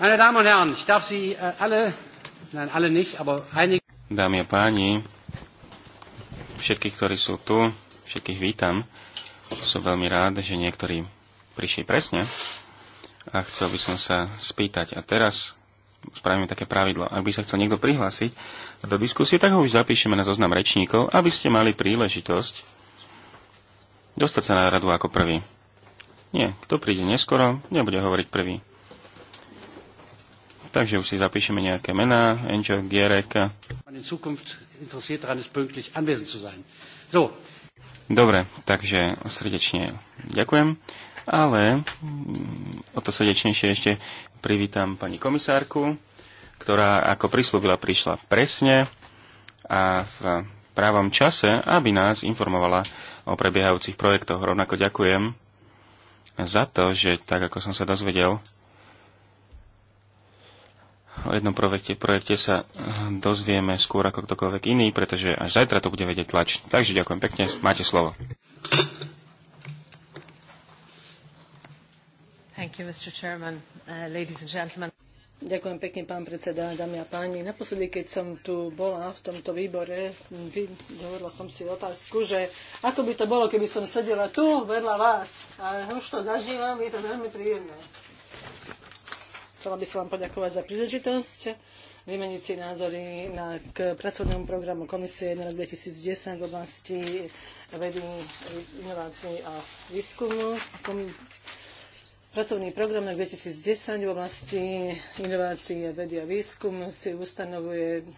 Meine Damen und Herren, ich darf Sie äh, alle, nein, alle nicht, aber einige... Dámy a páni, všetkých, ktorí sú tu, všetkých vítam. Som veľmi rád, že niektorí prišli presne a chcel by som sa spýtať. A teraz spravíme také pravidlo. Ak by sa chcel niekto prihlásiť do diskusie, tak ho už zapíšeme na zoznam rečníkov, aby ste mali príležitosť dostať sa na radu ako prvý. Nie, kto príde neskoro, nebude hovoriť prvý. Takže už si zapíšeme nejaké mená. Enjo Gierek. Dobre, takže srdečne ďakujem. Ale mm, o to srdečnejšie ešte privítam pani komisárku, ktorá ako prislúbila prišla presne a v právom čase, aby nás informovala o prebiehajúcich projektoch. Rovnako ďakujem za to, že tak ako som sa dozvedel, o jednom projekte, projekte sa eh, dozvieme skôr ako ktokoľvek iný, pretože až zajtra to bude vedieť tlač. Takže ďakujem pekne, máte slovo. Thank you, Mr. Chairman, uh, ladies and gentlemen. Ďakujem pekne, pán predseda, dámy a páni. Naposledy, keď som tu bola v tomto výbore, dovedla som si otázku, že ako by to bolo, keby som sedela tu vedľa vás. A už to zažívam, je to veľmi príjemné. Chcela by som vám poďakovať za príležitosť vymeniť si názory na, k pracovnému programu Komisie na rok 2010 v oblasti vedy, inovácií a výskumu. Pracovný program na 2010 v oblasti inovácií, vedy a výskum si ustanovuje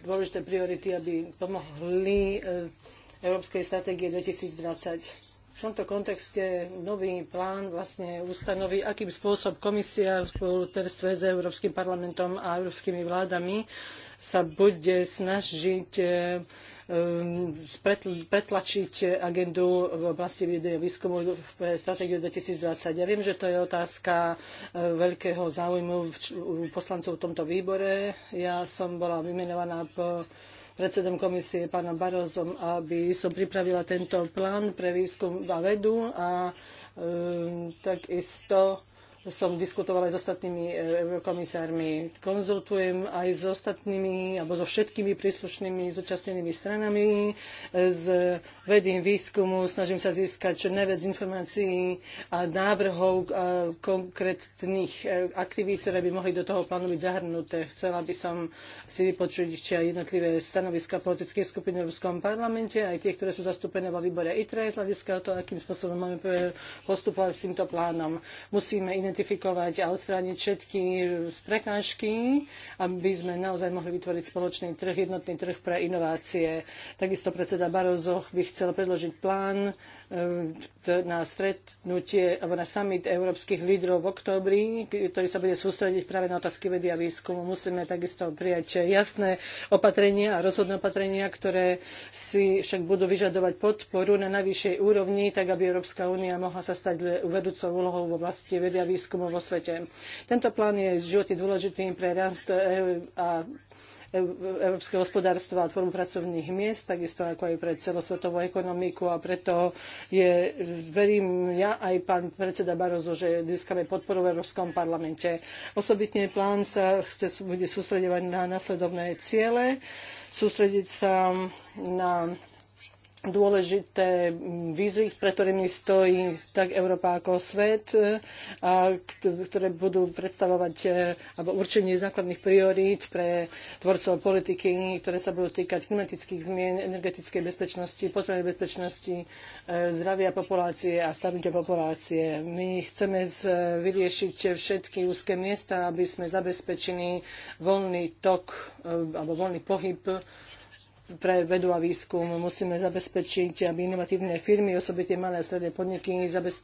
dôležité priority, aby pomohli e, Európskej stratégie 2020 v tomto kontexte nový plán vlastne ustanoví, akým spôsob komisia v spoluterstve s Európskym parlamentom a európskymi vládami sa bude snažiť eh, eh, pretlačiť agendu v oblasti vedy a výskumu v stratégiu 2020. Ja viem, že to je otázka eh, veľkého záujmu poslancov v tomto výbore. Ja som bola vymenovaná po predsedom komisie pánom Barozom, aby som pripravila tento plán pre výskum a vedu a e, takisto som diskutovala aj s ostatnými e, eurokomisármi. Konzultujem aj s ostatnými, alebo so všetkými príslušnými zúčastnenými stranami. E, z vedím výskumu, snažím sa získať čo najviac informácií a návrhov a e, konkrétnych aktivít, ktoré by mohli do toho plánu byť zahrnuté. Chcela by som si vypočuť či aj jednotlivé stanoviska politických skupín v Európskom parlamente, aj tie, ktoré sú zastúpené vo výbore ITRE, z hľadiska toho, akým spôsobom máme postupovať s týmto plánom. Musíme iné identifikovať a odstrániť všetky prekážky, aby sme naozaj mohli vytvoriť spoločný trh, jednotný trh pre inovácie. Takisto predseda Barozoch by chcel predložiť plán E, na stretnutie alebo na summit európskych lídrov v októbri, ktorý sa bude sústrediť práve na otázky vedy a výskumu. Musíme takisto prijať jasné opatrenia a rozhodné opatrenia, ktoré si však budú vyžadovať podporu na najvyššej úrovni, tak aby Európska únia mohla sa stať vedúcou úlohou v oblasti vedy a výskumu vo svete. Tento plán je životne dôležitý pre rast e, a európske hospodárstvo a tvorbu pracovných miest, takisto ako aj pre celosvetovú ekonomiku a preto je, verím ja aj pán predseda Barozo, že získame podporu v Európskom parlamente. Osobitne plán sa chce, bude sústredovať na nasledovné ciele, sústrediť sa na dôležité vízy, pre ktorými stojí tak Európa ako svet, e, a ktoré budú predstavovať e, alebo určenie základných priorít pre tvorcov politiky, ktoré sa budú týkať klimatických zmien, energetickej bezpečnosti, potrebnej bezpečnosti, e, zdravia populácie a stabilite populácie. My chceme vyriešiť všetky úzke miesta, aby sme zabezpečili voľný tok alebo voľný pohyb pre vedu a výskum. Musíme zabezpečiť, aby inovatívne firmy, osobite malé a stredné podniky,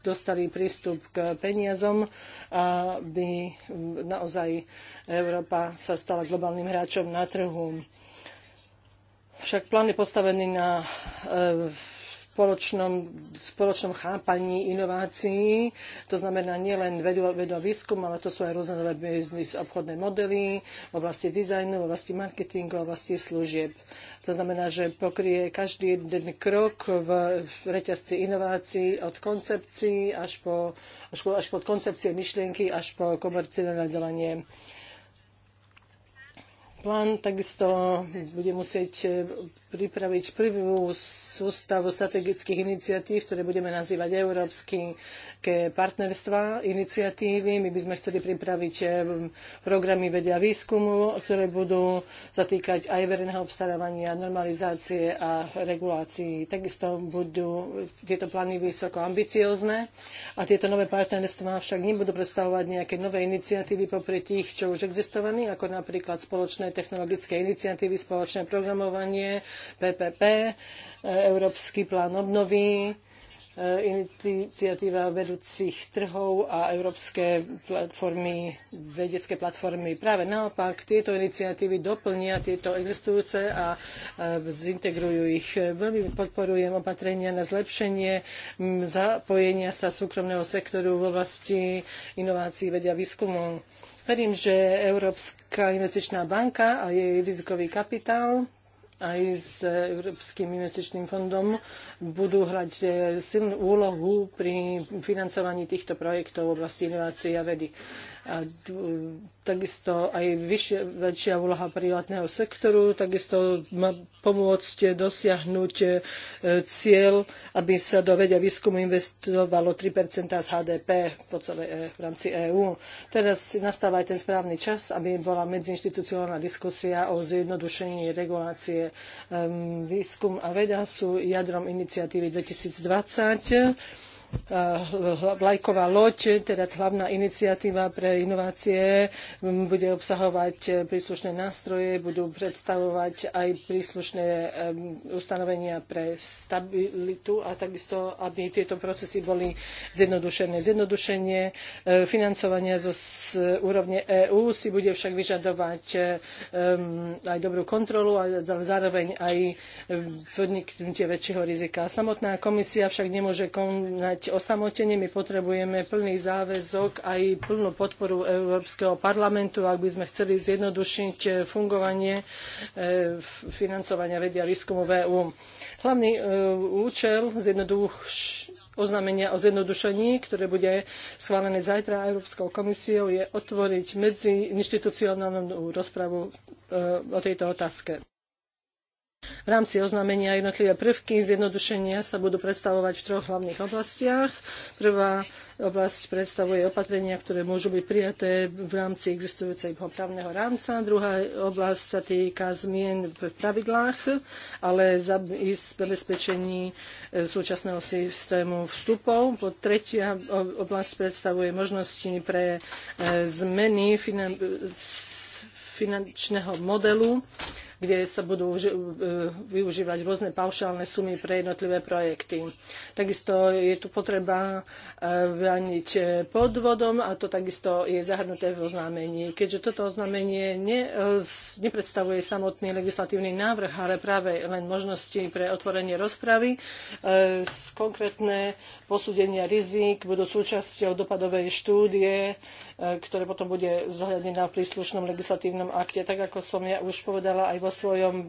dostali prístup k peniazom, aby naozaj Európa sa stala globálnym hráčom na trhu. Však plán je postavený na e, spoločnom, spoločnom chápaní inovácií. To znamená nielen vedu, vedu a výskum, ale to sú aj rôzne nové biznis obchodné modely v oblasti dizajnu, v oblasti marketingu, v oblasti služieb. To znamená, že pokrie každý jeden krok v reťazci inovácií od koncepcií až po, až po, až po koncepcie myšlienky až po komercializovanie plán takisto bude musieť e, pripraviť prvú sústavu strategických iniciatív, ktoré budeme nazývať Európske partnerstva iniciatívy. My by sme chceli pripraviť e, programy vedia výskumu, ktoré budú zatýkať aj verejného obstarávania, normalizácie a regulácií. Takisto budú tieto plány vysoko ambiciózne a tieto nové partnerstva však nebudú predstavovať nejaké nové iniciatívy popri tých, čo už existovali, ako napríklad spoločné technologické iniciatívy, spoločné programovanie, PPP, e, Európsky plán obnovy, e, iniciatíva vedúcich trhov a európske platformy, vedecké platformy. Práve naopak, tieto iniciatívy doplnia tieto existujúce a zintegrujú ich. Veľmi podporujem opatrenia na zlepšenie zapojenia sa súkromného sektoru v oblasti inovácií, vedia výskumu Verím, že Európska investičná banka a jej rizikový kapitál aj s Európskym investičným fondom budú hrať eh, silnú úlohu pri financovaní týchto projektov v oblasti inovácií a vedy takisto aj vyššia, väčšia úloha privátneho sektoru, takisto má pomôcť dosiahnuť e, cieľ, aby sa do vedia výskumu investovalo 3 z HDP po celé, e, v rámci EÚ. Teraz nastáva aj ten správny čas, aby bola medziinstitucionálna diskusia o zjednodušení regulácie. Výskum a veda sú jadrom iniciatívy 2020 vlajková eh, loď, teda hlavná iniciatíva pre inovácie, bude obsahovať eh, príslušné nástroje, budú predstavovať aj príslušné eh, ustanovenia pre stabilitu a takisto, aby tieto procesy boli zjednodušené. Zjednodušenie financovania zo úrovne EÚ si bude však vyžadovať aj dobrú kontrolu, a zároveň aj podniknutie väčšieho rizika. Samotná komisia však nemôže konať zostať osamotení. My potrebujeme plný záväzok aj plnú podporu Európskeho parlamentu, ak by sme chceli zjednodušiť eh, fungovanie eh, financovania vedia výskumu VÚ. E Hlavný eh, účel zjednoduš oznámenia o zjednodušení, ktoré bude schválené zajtra Európskou komisiou, je otvoriť medziinštitucionálnu rozpravu o tejto otázke. V rámci oznámenia jednotlivé prvky zjednodušenia sa budú predstavovať v troch hlavných oblastiach. Prvá oblasť predstavuje opatrenia, ktoré môžu byť prijaté v rámci existujúceho právneho rámca. Druhá oblasť sa týka zmien v pravidlách, ale i zabezpečení e, súčasného systému vstupov. Po tretia oblasť predstavuje možnosti pre e, zmeny finančného modelu kde sa budú e, využívať rôzne paušálne sumy pre jednotlivé projekty. Takisto je tu potreba e, brániť e, podvodom a to takisto je zahrnuté v oznámení. Keďže toto oznámenie ne, nepredstavuje samotný legislatívny návrh, ale práve len možnosti pre otvorenie rozpravy, konkrétne posúdenia rizik budú súčasťou dopadovej štúdie, ktoré potom bude zohľadnená v príslušnom legislatívnom akte. Tak ako som ja už povedala aj vo svojom eh,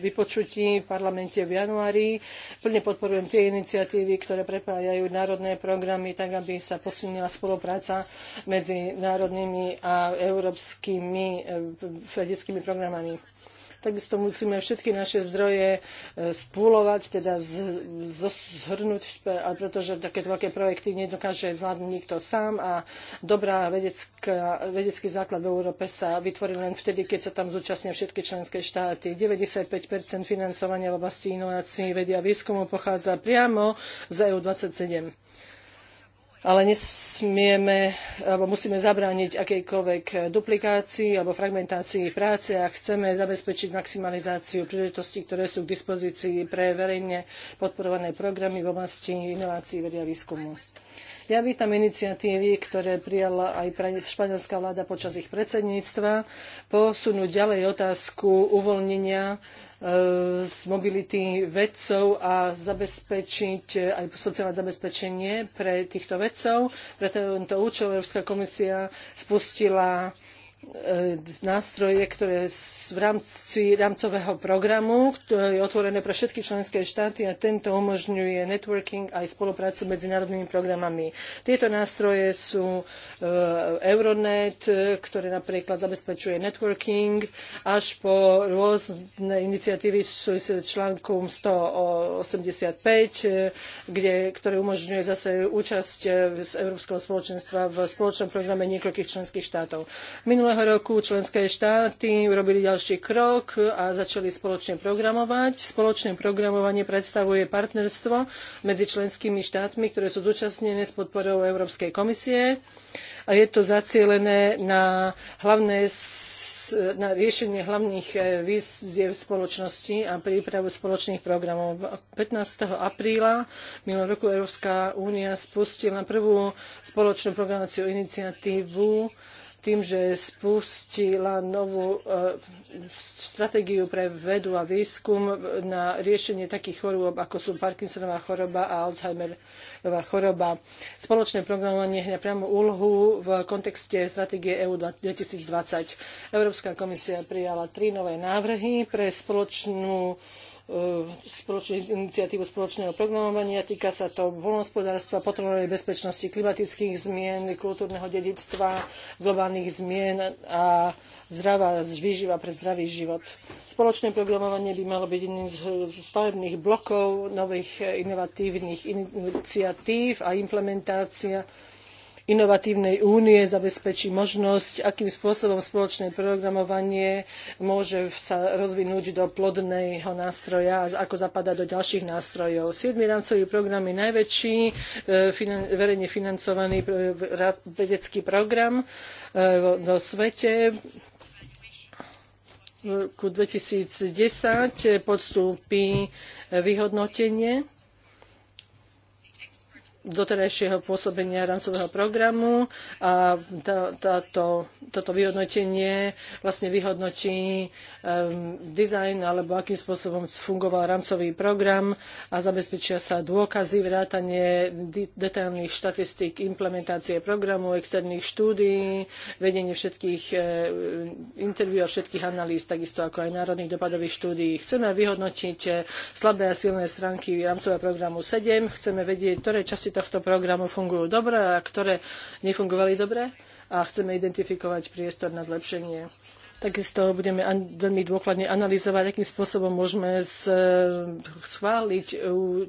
vypočutí v parlamente v januári. Plne podporujem tie iniciatívy, ktoré prepájajú národné programy, tak aby sa posilnila spolupráca medzi národnými a európskymi eh, vedeckými programami. Takisto musíme všetky naše zdroje e, spúlovať, teda zhrnúť, e, pretože také veľké projekty nedokáže zvládnuť nikto sám a dobrá vedecká, vedecký základ v Európe sa vytvorí len vtedy, keď sa tam zúčastnia všetky členské štáty. 95 financovania v oblasti inovácií, vedia výskumu pochádza priamo z EU27 ale nesmieme, alebo musíme zabrániť akejkoľvek duplikácii alebo fragmentácii práce a chceme zabezpečiť maximalizáciu príležitostí, ktoré sú k dispozícii pre verejne podporované programy v oblasti inovácií vedia výskumu. Ja vítam iniciatívy, ktoré prijala aj španielská vláda počas ich predsedníctva, posunúť ďalej otázku uvoľnenia z mobility vedcov a zabezpečiť aj sociálne zabezpečenie pre týchto vedcov. Pre tento účel Európska komisia spustila E, nástroje, ktoré v rámci rámcového programu, ktoré je otvorené pre všetky členské štáty a tento umožňuje networking aj spoluprácu medzi národnými programami. Tieto nástroje sú e, Euronet, e, ktoré napríklad zabezpečuje networking, až po rôzne iniciatívy s článkom 185, kde, ktoré umožňuje zase účasť z Európskeho spoločenstva v spoločnom programe niekoľkých členských štátov. Minulé minulého roku členské štáty urobili ďalší krok a začali spoločne programovať. Spoločné programovanie predstavuje partnerstvo medzi členskými štátmi, ktoré sú zúčastnené s podporou Európskej komisie a je to zacielené na hlavné na riešenie hlavných eh, výziev spoločnosti a prípravu spoločných programov. 15. apríla minulého roku Európska únia spustila prvú spoločnú programovaciu iniciatívu tým, že spustila novú e, stratégiu pre vedu a výskum na riešenie takých chorôb, ako sú Parkinsonová choroba a Alzheimerová choroba. Spoločné programovanie hňa priamo úlohu v kontexte stratégie EU 2020. Európska komisia prijala tri nové návrhy pre spoločnú E, spoločnú iniciatívu spoločného programovania. Týka sa to voľnospodárstva, potravinovej bezpečnosti, klimatických zmien, kultúrneho dedictva, globálnych zmien a zdravá výživa pre zdravý život. Spoločné programovanie by malo byť jedným z stavebných blokov nových inovatívnych iniciatív a implementácia inovatívnej únie zabezpečí možnosť, akým spôsobom spoločné programovanie môže sa rozvinúť do plodného nástroja a ako zapadá do ďalších nástrojov. Siedmy rámcový program je najväčší e, finan- verejne financovaný vedecký program e, vo svete V roku 2010 podstúpi vyhodnotenie doterajšieho pôsobenia rámcového programu a tá, táto, toto vyhodnotenie vlastne vyhodnotí um, dizajn alebo akým spôsobom fungoval rámcový program a zabezpečia sa dôkazy, vrátanie detailných štatistík implementácie programu, externých štúdií, vedenie všetkých e, interviú a všetkých analýz, takisto ako aj národných dopadových štúdií. Chceme vyhodnotiť e, slabé a silné stránky rámcového programu 7, chceme vedieť, ktoré časti tohto programu fungujú dobre a ktoré nefungovali dobre a chceme identifikovať priestor na zlepšenie. Takisto budeme veľmi dôkladne analyzovať, akým spôsobom môžeme e, schváliť e,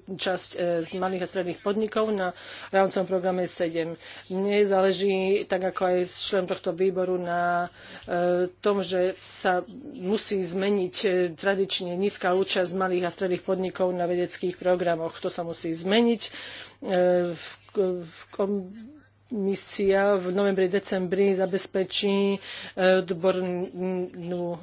časť e, z malých a stredných podnikov na rámcom programe 7. Mne záleží, tak ako aj člen tohto výboru, na tom, že sa musí zmeniť tradične nízka účasť malých a stredných podnikov na vedeckých programoch. To sa musí zmeniť. V, v, v, misia v novembri, decembri zabezpečí e, odbornú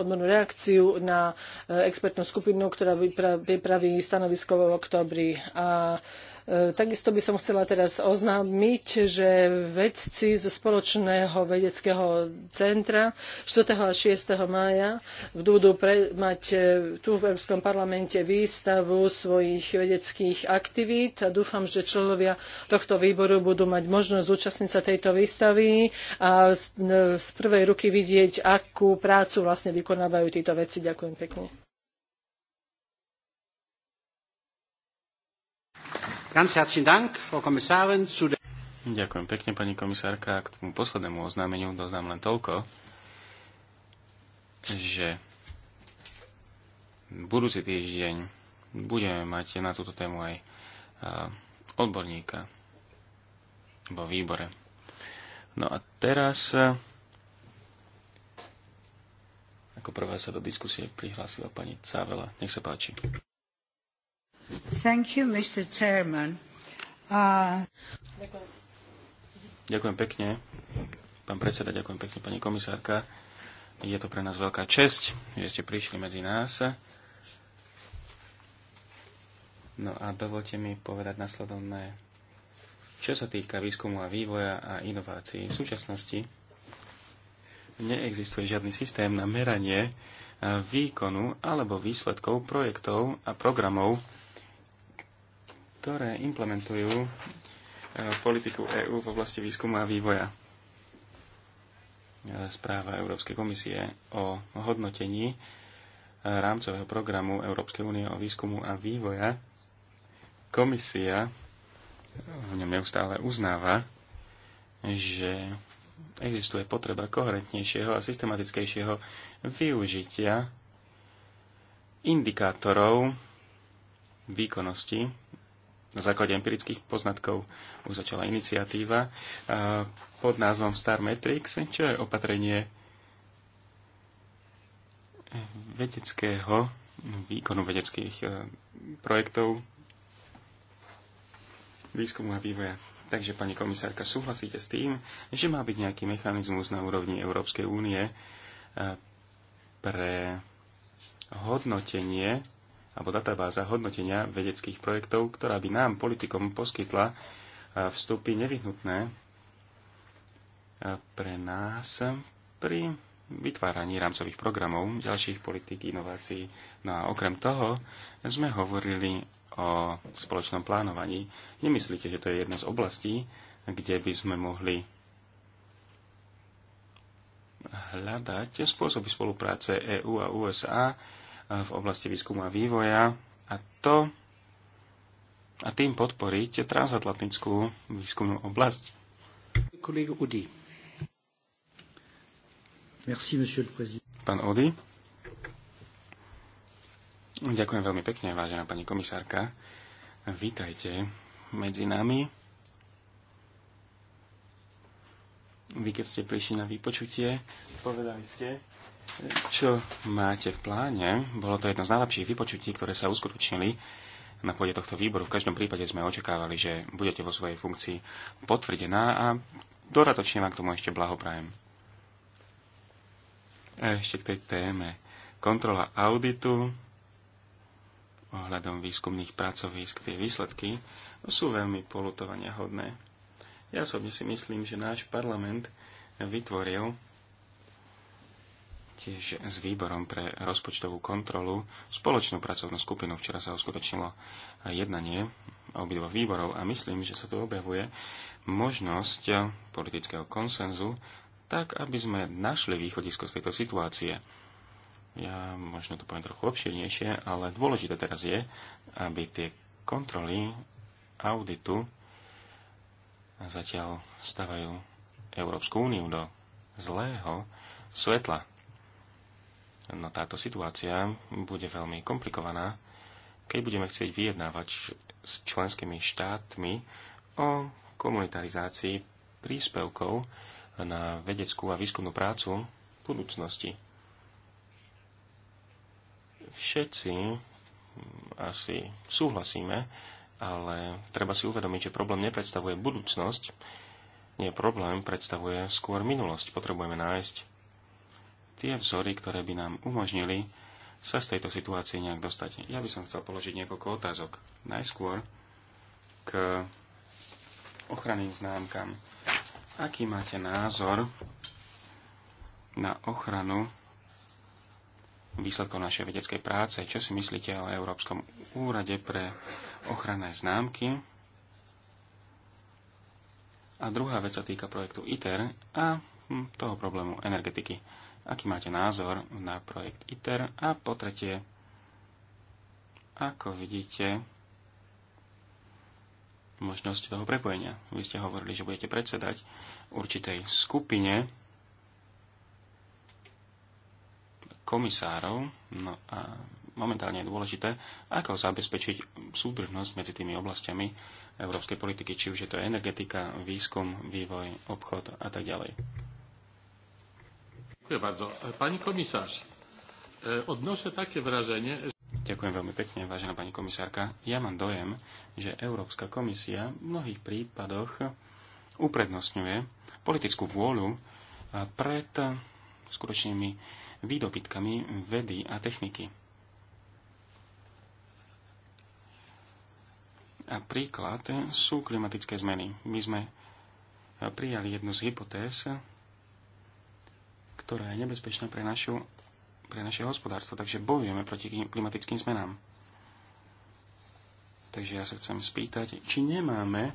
odbornú reakciu na e, expertnú skupinu, ktorá pripraví stanovisko v oktobri. A E, takisto by som chcela teraz oznámiť, že vedci zo spoločného vedeckého centra 4. a 6. mája budú mať e, tu v Európskom parlamente výstavu svojich vedeckých aktivít a dúfam, že členovia tohto výboru budú mať možnosť zúčastniť sa tejto výstavy a z, e, z prvej ruky vidieť, akú prácu vlastne vykonávajú títo vedci. Ďakujem pekne. Ganz herzlichen Dank, Frau Kommissarin, zu der... Ďakujem pekne, pani komisárka. K tomu poslednému oznámeniu doznám len toľko, že budúci týždeň budeme mať na túto tému aj odborníka vo výbore. No a teraz ako prvá sa do diskusie prihlásila pani Cavela. Nech sa páči. Thank you, Mr. Chairman. Uh... Ďakujem. pekne. Pán predseda, ďakujem pekne, pani komisárka. Je to pre nás veľká česť, že ste prišli medzi nás. No a dovolte mi povedať nasledovné, čo sa týka výskumu a vývoja a inovácií. V súčasnosti neexistuje žiadny systém na meranie výkonu alebo výsledkov projektov a programov ktoré implementujú e, politiku EÚ v oblasti výskumu a vývoja. E, správa Európskej komisie o hodnotení e, rámcového programu Európskej únie o výskumu a vývoja. Komisia v ňom neustále uznáva, že existuje potreba koherentnejšieho a systematickejšieho využitia indikátorov výkonnosti na základe empirických poznatkov už začala iniciatíva e, pod názvom Star Matrix, čo je opatrenie vedeckého výkonu vedeckých e, projektov výskumu a vývoja. Takže, pani komisárka, súhlasíte s tým, že má byť nejaký mechanizmus na úrovni Európskej únie e, pre hodnotenie alebo databáza hodnotenia vedeckých projektov, ktorá by nám, politikom, poskytla vstupy nevyhnutné pre nás pri vytváraní rámcových programov, ďalších politik, inovácií. No a okrem toho sme hovorili o spoločnom plánovaní. Nemyslíte, že to je jedna z oblastí, kde by sme mohli hľadať spôsoby spolupráce EÚ a USA, v oblasti výskumu a vývoja a to a tým podporiť transatlantickú výskumnú oblasť. Merci, monsieur le président. Pán Odi. Ďakujem veľmi pekne, vážená pani komisárka. Vítajte medzi nami. Vy, keď ste prišli na vypočutie, povedali ste, čo máte v pláne. Bolo to jedno z najlepších vypočutí, ktoré sa uskutočnili na pôde tohto výboru. V každom prípade sme očakávali, že budete vo svojej funkcii potvrdená a doradočne vám k tomu ešte blahoprajem. A ešte k tej téme. Kontrola auditu ohľadom výskumných pracovísk, tie výsledky sú veľmi polutovania hodné. Ja osobne si myslím, že náš parlament vytvoril taktiež s výborom pre rozpočtovú kontrolu spoločnú pracovnú skupinu. Včera sa uskutočnilo jednanie obidvo výborov a myslím, že sa tu objavuje možnosť politického konsenzu, tak aby sme našli východisko z tejto situácie. Ja možno to poviem trochu obširnejšie, ale dôležité teraz je, aby tie kontroly auditu zatiaľ stavajú Európsku úniu do zlého svetla. No táto situácia bude veľmi komplikovaná, keď budeme chcieť vyjednávať s členskými štátmi o komunitarizácii príspevkov na vedeckú a výskumnú prácu v budúcnosti. Všetci hm, asi súhlasíme, ale treba si uvedomiť, že problém nepredstavuje budúcnosť, nie problém predstavuje skôr minulosť. Potrebujeme nájsť tie vzory, ktoré by nám umožnili sa z tejto situácie nejak dostať. Ja by som chcel položiť niekoľko otázok. Najskôr k ochranným známkam. Aký máte názor na ochranu výsledkov našej vedeckej práce? Čo si myslíte o Európskom úrade pre ochranné známky? A druhá vec sa týka projektu ITER a hm, toho problému energetiky aký máte názor na projekt ITER a po tretie, ako vidíte možnosť toho prepojenia. Vy ste hovorili, že budete predsedať určitej skupine komisárov. No a momentálne je dôležité, ako zabezpečiť súdržnosť medzi tými oblastiami európskej politiky, či už je to energetika, výskum, vývoj, obchod a tak ďalej. Ďakujem bardzo. E, pani komisarz, e, odnoszę takie wrażenie, Ďakujem veľmi pekne, vážená pani komisárka. Ja mám dojem, že Európska komisia v mnohých prípadoch uprednostňuje politickú vôľu e, pred skutočnými výdobytkami vedy a techniky. A príklad sú klimatické zmeny. My sme prijali jednu z hypotéz, ktorá je nebezpečná pre, našu, pre naše hospodárstvo. Takže bojujeme proti klimatickým zmenám. Takže ja sa chcem spýtať, či nemáme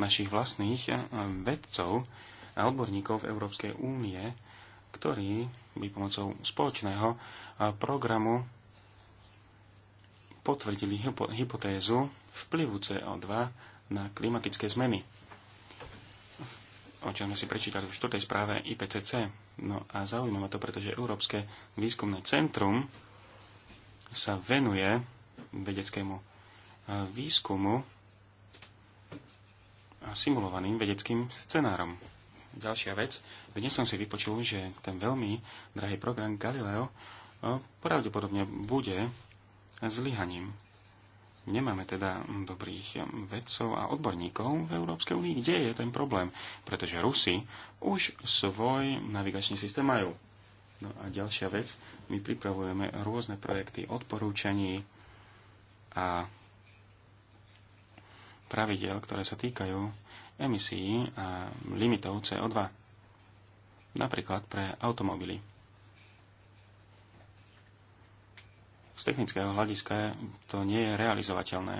našich vlastných eh, vedcov a odborníkov v Európskej únie, ktorí by pomocou spoločného eh, programu potvrdili hypotézu vplyvu CO2 na klimatické zmeny, o čom sme si prečítali v 4. správe IPCC. No a zaujímavé to, pretože Európske výskumné centrum sa venuje vedeckému e, výskumu a simulovaným vedeckým scenárom. Ďalšia vec, dnes som si vypočul, že ten veľmi drahý program Galileo e, pravdepodobne bude zlyhaním. Nemáme teda dobrých vedcov a odborníkov v Európskej únii. Kde je ten problém? Pretože Rusi už svoj navigačný systém majú. No a ďalšia vec, my pripravujeme rôzne projekty odporúčaní a pravidel, ktoré sa týkajú emisí a limitov CO2. Napríklad pre automobily. z technického hľadiska to nie je realizovateľné.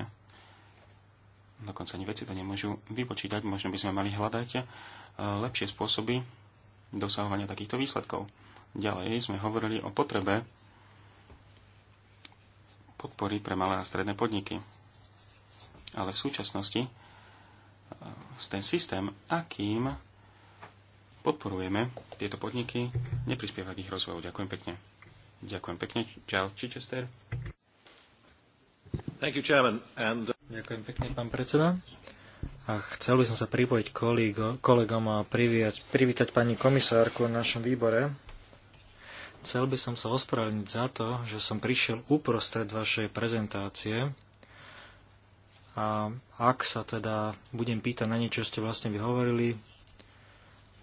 Dokonca ani veci to nemôžu vypočítať. Možno by sme mali hľadať e, lepšie spôsoby dosahovania takýchto výsledkov. Ďalej sme hovorili o potrebe podpory pre malé a stredné podniky. Ale v súčasnosti e, ten systém, akým podporujeme tieto podniky, neprispieva k ich rozvoju. Ďakujem pekne. Ďakujem pekne. Čau, Chichester. Thank you, Chairman. And... Uh, Ďakujem pekne, pán predseda. A chcel by som sa pripojiť kolego, kolegom a priviať, privítať pani komisárku v našom výbore. Chcel by som sa ospravedlniť za to, že som prišiel uprostred vašej prezentácie. A ak sa teda budem pýtať na niečo, čo ste vlastne vyhovorili,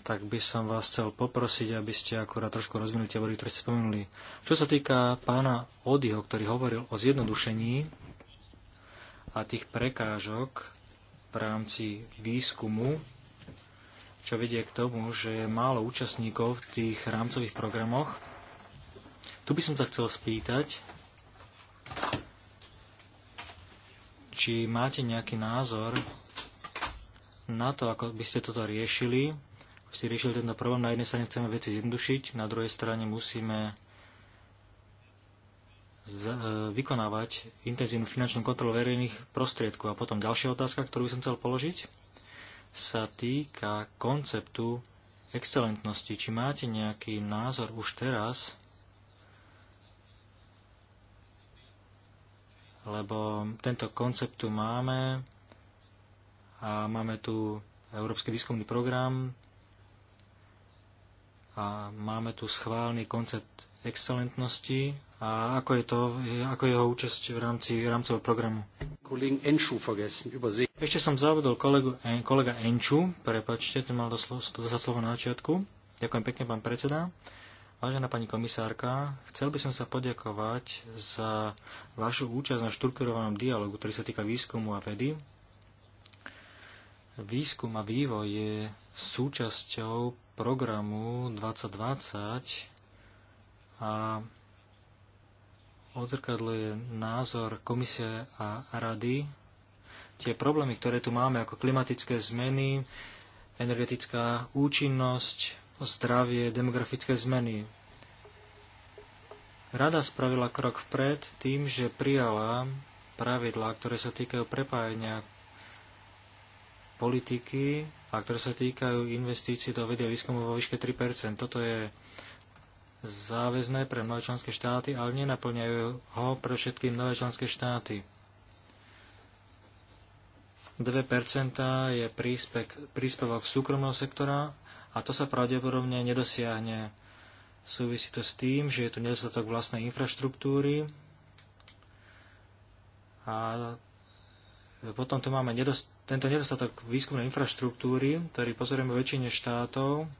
tak by som vás chcel poprosiť, aby ste akurát trošku rozvinuli tie body, ktoré ste spomenuli. Čo sa týka pána Odyho, ktorý hovoril o zjednodušení a tých prekážok v rámci výskumu, čo vedie k tomu, že je málo účastníkov v tých rámcových programoch. Tu by som sa chcel spýtať, či máte nejaký názor na to, ako by ste toto riešili, si riešili tento problém. Na jednej strane chceme veci zjednodušiť, na druhej strane musíme e, vykonávať intenzívnu finančnú kontrolu verejných prostriedkov. A potom ďalšia otázka, ktorú by som chcel položiť, sa týka konceptu excelentnosti. Či máte nejaký názor už teraz, lebo tento koncept tu máme a máme tu Európsky výskumný program, a máme tu schválny koncept excelentnosti a ako je, to, ako jeho účasť v rámci rámcového programu. Ešte som zavodol kolegu, eh, kolega Enču, prepačte, ten mal za slovo na začiatku. Ďakujem pekne, pán predseda. Vážená pani komisárka, chcel by som sa poďakovať za vašu účasť na štrukturovanom dialogu, ktorý sa týka výskumu a vedy. Výskum a vývoj je súčasťou programu 2020 a odzrkadluje názor komisie a rady. Tie problémy, ktoré tu máme, ako klimatické zmeny, energetická účinnosť, zdravie, demografické zmeny. Rada spravila krok vpred tým, že prijala pravidlá, ktoré sa týkajú prepájenia politiky a ktoré sa týkajú investícií do vedy a výskumu vo výške 3 Toto je záväzné pre mnohé členské štáty, ale nenaplňajú ho pre všetky nové členské štáty. 2 je príspek, príspevok súkromného sektora a to sa pravdepodobne nedosiahne. Súvisí to s tým, že je tu nedostatok vlastnej infraštruktúry a potom tu máme nedost- tento nedostatok výskumnej infraštruktúry, ktorý pozorujeme v väčšine štátov.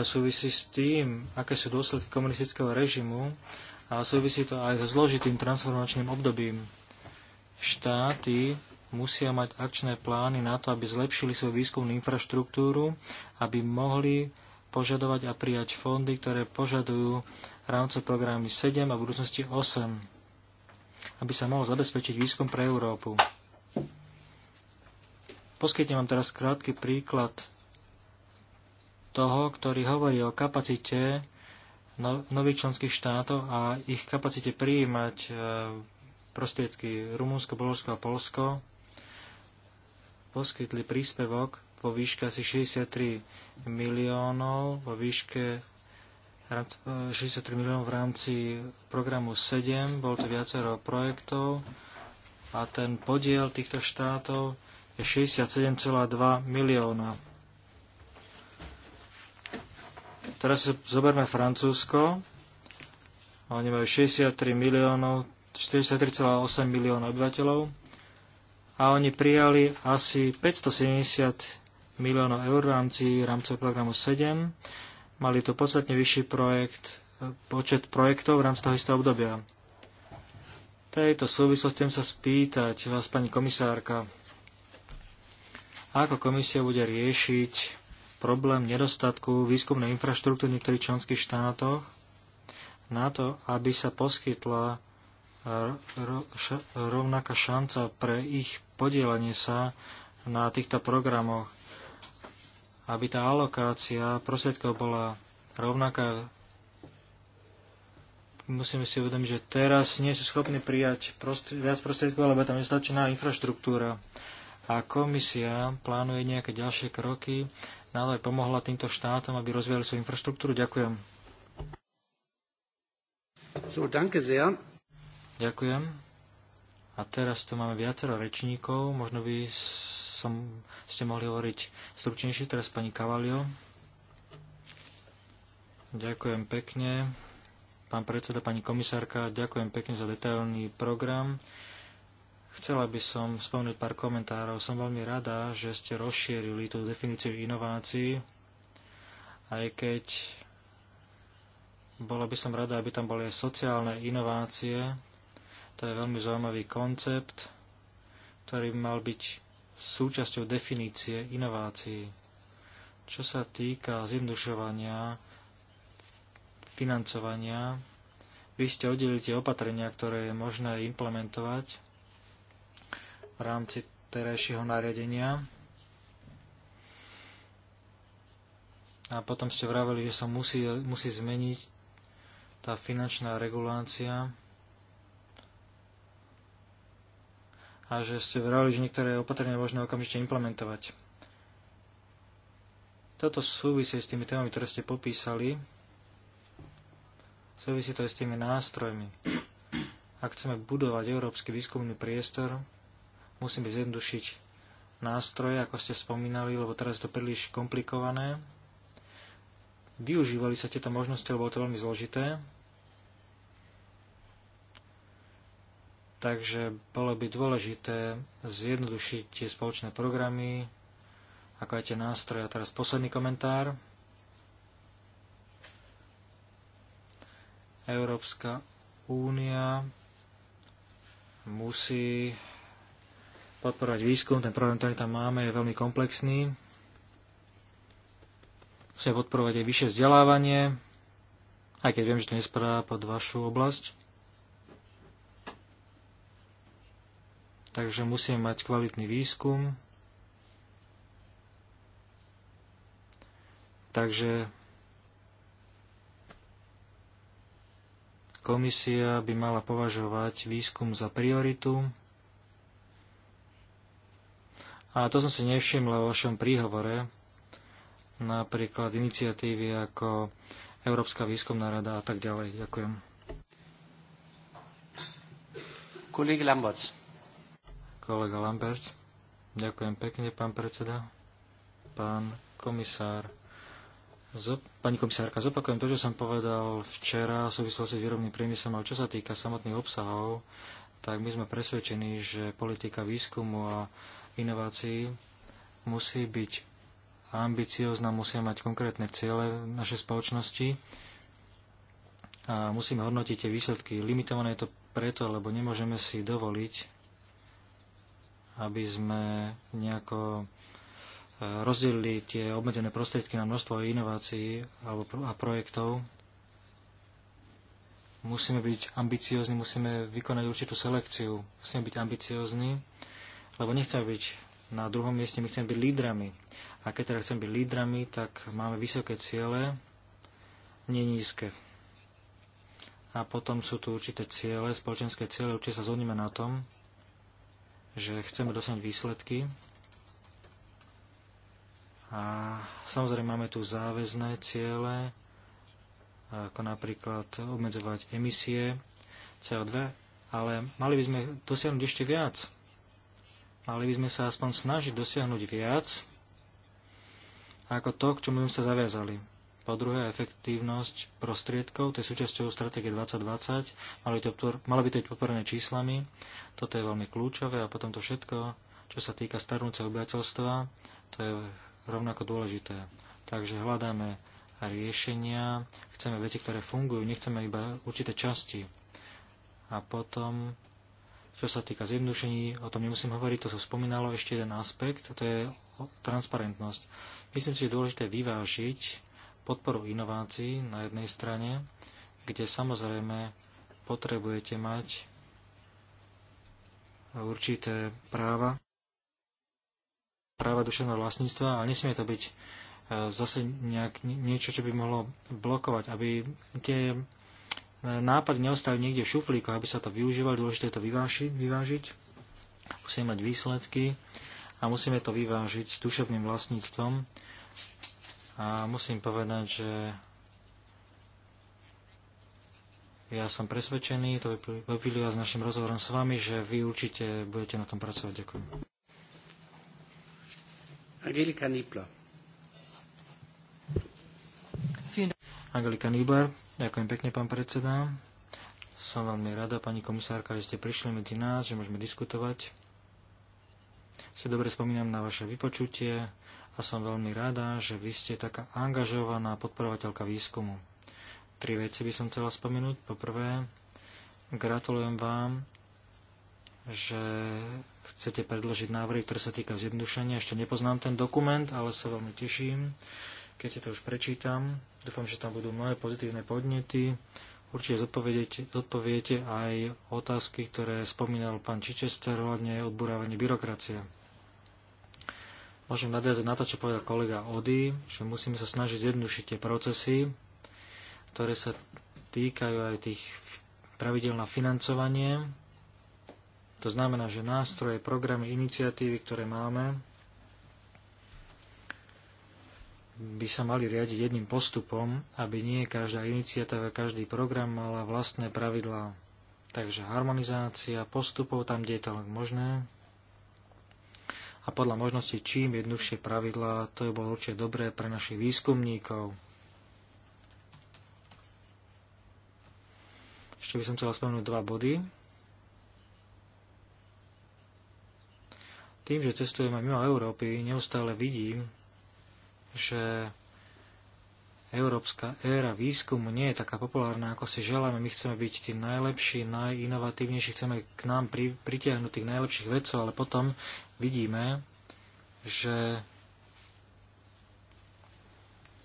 To súvisí s tým, aké sú dôsledky komunistického režimu a súvisí to aj so zložitým transformačným obdobím. Štáty musia mať akčné plány na to, aby zlepšili svoju výskumnú infraštruktúru, aby mohli požadovať a prijať fondy, ktoré požadujú rámce programy 7 a v budúcnosti 8 aby sa mohol zabezpečiť výskum pre Európu. Poskytnem vám teraz krátky príklad toho, ktorý hovorí o kapacite no, nových členských štátov a ich kapacite prijímať e, prostriedky Rumunsko, Bolorsko a Polsko poskytli príspevok vo výške asi 63 miliónov, vo výške 63 e, miliónov v rámci programu 7, bol to viacero projektov a ten podiel týchto štátov je 67,2 milióna. Teraz si zoberme Francúzsko. Oni majú 63 miliónov, 43,8 miliónov obyvateľov a oni prijali asi 570 miliónov eur v rámci rámcového programu 7 mali tu podstatne vyšší projekt, počet projektov v rámci toho istého obdobia. V tejto súvislosti chcem sa spýtať vás, pani komisárka, ako komisia bude riešiť problém nedostatku výskumnej infraštruktúry v niektorých členských štátoch na to, aby sa poskytla rovnaká šanca pre ich podielanie sa na týchto programoch aby tá alokácia prostriedkov bola rovnaká. Musíme si uvedomiť, že teraz nie sú schopní prijať prostri- viac prostriedkov, lebo tam nestačená infraštruktúra. A komisia plánuje nejaké ďalšie kroky, naozaj pomohla týmto štátom, aby rozvíjali svoju infraštruktúru. Ďakujem. So, danke sehr. Ďakujem. A teraz tu máme viacero rečníkov. Možno by som, ste mohli hovoriť stručnejšie. Teraz pani Kavalio. Ďakujem pekne. Pán predseda, pani komisárka, ďakujem pekne za detailný program. Chcela by som spomenúť pár komentárov. Som veľmi rada, že ste rozšírili tú definíciu inovácií, aj keď bola by som rada, aby tam boli aj sociálne inovácie. To je veľmi zaujímavý koncept, ktorý by mal byť súčasťou definície inovácií. Čo sa týka zjednodušovania financovania, vy ste oddelili tie opatrenia, ktoré je možné implementovať v rámci terajšieho nariadenia. A potom ste vraveli, že sa musí, musí zmeniť tá finančná regulácia a že ste vrali, že niektoré opatrenia možno okamžite implementovať. Toto súvisí s tými témami, ktoré ste popísali. Súvisí to aj s tými nástrojmi. Ak chceme budovať európsky výskumný priestor, musíme zjednodušiť nástroje, ako ste spomínali, lebo teraz je to príliš komplikované. Využívali sa tieto možnosti, lebo to veľmi zložité. Takže bolo by dôležité zjednodušiť tie spoločné programy, ako aj tie nástroje. A teraz posledný komentár. Európska únia musí podporovať výskum. Ten program, ktorý tam máme, je veľmi komplexný. Musíme podporovať aj vyššie vzdelávanie, aj keď viem, že to nespadá pod vašu oblasť. takže musíme mať kvalitný výskum. Takže komisia by mala považovať výskum za prioritu. A to som si nevšimla vo vašom príhovore, napríklad iniciatívy ako Európska výskumná rada a tak ďalej. Ďakujem. Kolega Lamberts kolega Lambert, Ďakujem pekne, pán predseda. Pán komisár. Zop, pani komisárka, zopakujem to, čo som povedal včera v súvislosti s výrobným priemyslom, ale čo sa týka samotných obsahov, tak my sme presvedčení, že politika výskumu a inovácií musí byť ambiciozna, musia mať konkrétne ciele v našej spoločnosti a musíme hodnotiť tie výsledky. Limitované je to preto, lebo nemôžeme si dovoliť aby sme nejako e, rozdelili tie obmedzené prostriedky na množstvo inovácií a projektov. Musíme byť ambiciozni, musíme vykonať určitú selekciu, musíme byť ambiciozni, lebo nechcem byť na druhom mieste, my chceme byť lídrami. A keď teda chceme byť lídrami, tak máme vysoké ciele, nie nízke. A potom sú tu určité ciele, spoločenské ciele, určite sa zhodneme na tom, že chceme dosať výsledky. A samozrejme máme tu záväzné ciele, ako napríklad obmedzovať emisie CO2, ale mali by sme dosiahnuť ešte viac. Mali by sme sa aspoň snažiť dosiahnuť viac ako to, k čomu sme sa zaviazali. Po druhé, efektívnosť prostriedkov, to je súčasťou stratégie 2020, malo by, to, byť podporené číslami, toto je veľmi kľúčové a potom to všetko, čo sa týka starnúceho obyvateľstva, to je rovnako dôležité. Takže hľadáme riešenia, chceme veci, ktoré fungujú, nechceme iba určité časti. A potom čo sa týka zjednodušení, o tom nemusím hovoriť, to sa spomínalo ešte jeden aspekt, a to je transparentnosť. Myslím si, že je dôležité vyvážiť podporu inovácií na jednej strane, kde samozrejme potrebujete mať určité práva, práva duševného vlastníctva, ale nesmie to byť e, zase nejak, niečo, čo by mohlo blokovať, aby tie e, nápady neostali niekde v šuflíku, aby sa to využívalo, dôležité je to vyváži, vyvážiť, musíme mať výsledky a musíme to vyvážiť s duševným vlastníctvom. A musím povedať, že ja som presvedčený, to vyplýva s našim rozhovorom s vami, že vy určite budete na tom pracovať. Ďakujem. Angelika Nibler. Angelika Nibler, ďakujem pekne, pán predseda. Som veľmi rada, pani komisárka, že ste prišli medzi nás, že môžeme diskutovať. Si dobre spomínam na vaše vypočutie a som veľmi rada, že vy ste taká angažovaná podporovateľka výskumu. Tri veci by som chcela spomenúť. Poprvé, gratulujem vám, že chcete predložiť návrhy, ktoré sa týka zjednodušenia. Ešte nepoznám ten dokument, ale sa veľmi teším, keď si to už prečítam. Dúfam, že tam budú mnohé pozitívne podnety. Určite zodpoviete aj otázky, ktoré spomínal pán Čičester hľadne odburávanie byrokracie. Môžem nadviazať na to, čo povedal kolega Ody, že musíme sa snažiť zjednodušiť tie procesy, ktoré sa týkajú aj tých pravidel na financovanie. To znamená, že nástroje, programy, iniciatívy, ktoré máme, by sa mali riadiť jedným postupom, aby nie každá iniciatíva, každý program mala vlastné pravidlá. Takže harmonizácia postupov tam, kde je to len možné, a podľa možnosti čím jednoduchšie pravidlá, to je bolo určite dobré pre našich výskumníkov. Ešte by som chcel spomenúť dva body. Tým, že cestujeme mimo Európy, neustále vidím, že európska éra výskumu nie je taká populárna, ako si želáme. My chceme byť tí najlepší, najinovatívnejší, chceme k nám pri, pritiahnuť tých najlepších vedcov, ale potom vidíme, že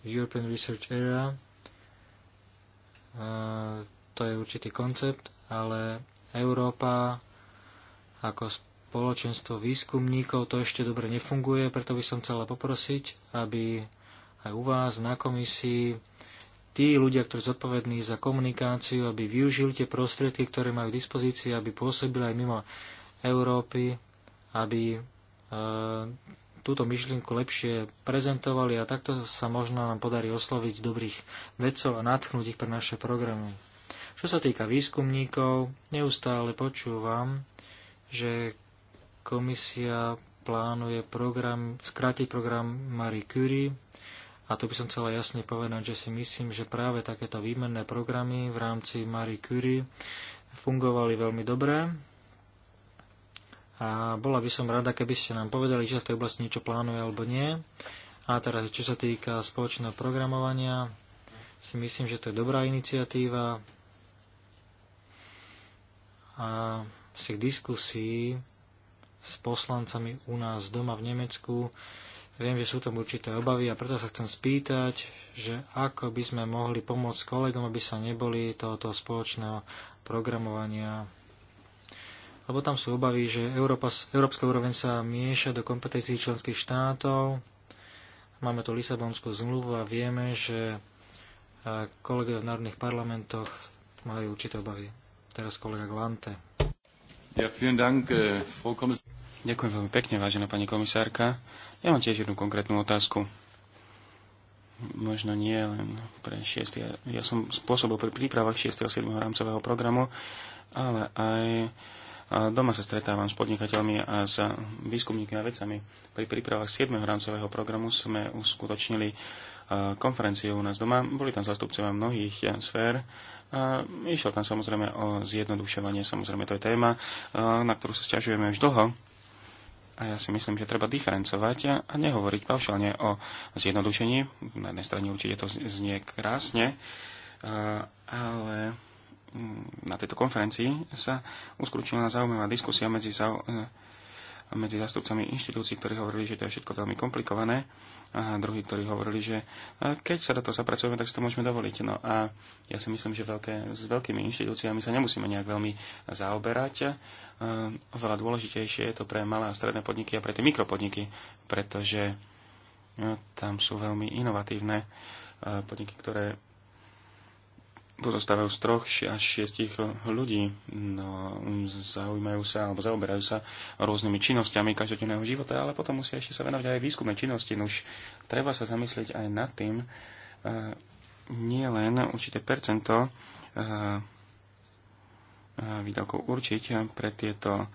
European Research Area eh, to je určitý koncept, ale Európa ako spoločenstvo výskumníkov to ešte dobre nefunguje, preto by som chcela poprosiť, aby aj u vás na komisii, tí ľudia, ktorí sú zodpovední za komunikáciu, aby využili tie prostriedky, ktoré majú k dispozícii, aby pôsobili aj mimo Európy, aby e, túto myšlienku lepšie prezentovali a takto sa možno nám podarí osloviť dobrých vedcov a natchnúť ich pre naše programy. Čo sa týka výskumníkov, neustále počúvam, že komisia plánuje program, skrátiť program Marie Curie a tu by som chcela jasne povedať, že si myslím, že práve takéto výmenné programy v rámci Marie Curie fungovali veľmi dobre. A bola by som rada, keby ste nám povedali, či sa v tej oblasti niečo plánuje alebo nie. A teraz, čo sa týka spoločného programovania, si myslím, že to je dobrá iniciatíva. A z k diskusii s poslancami u nás doma v Nemecku Viem, že sú tam určité obavy a preto sa chcem spýtať, že ako by sme mohli pomôcť kolegom, aby sa neboli tohoto spoločného programovania. Lebo tam sú obavy, že Európa, európska úroveň sa mieša do kompetencií členských štátov. Máme tu Lisabonskú zmluvu a vieme, že kolegovia v národných parlamentoch majú určité obavy. Teraz kolega Glante. Ja, vielen Dank, eh, Frau Kommissarin. Ďakujem veľmi pekne, vážená pani komisárka. Ja mám tiež jednu konkrétnu otázku. Možno nie len pre 6. Ja som spôsobil pri prípravách 6. a 7. rámcového programu, ale aj doma sa stretávam s podnikateľmi a s výskumníkmi a vedcami. Pri prípravách 7. rámcového programu sme uskutočnili konferenciu u nás doma. Boli tam zastupcovia mnohých sfér. A išlo tam samozrejme o zjednodušovanie, samozrejme to je téma, na ktorú sa stiažujeme už dlho. A ja si myslím, že treba diferencovať a nehovoriť paušálne o zjednodušení. Na jednej strane určite to znie krásne, ale mm, na tejto konferencii sa uskutočnila zaujímavá diskusia medzi medzi zastupcami inštitúcií, ktorí hovorili, že to je všetko veľmi komplikované, a druhí, ktorí hovorili, že e, keď sa do toho zapracujeme, tak si to môžeme dovoliť. No a ja si myslím, že veľké, s veľkými inštitúciami sa nemusíme nejak veľmi zaoberať. E, oveľa dôležitejšie je to pre malé a stredné podniky a pre tie mikropodniky, pretože e, tam sú veľmi inovatívne podniky, ktoré pozostávajú z troch až šiestich eh, ľudí. No, zaujímajú sa alebo zaoberajú sa rôznymi činnosťami každodenného života, ale potom musia ešte sa venovať aj výskumnej činnosti. Nuž, no treba sa zamyslieť aj nad tým, eh, nie len určité percento eh, výdavkov určiť pre tieto,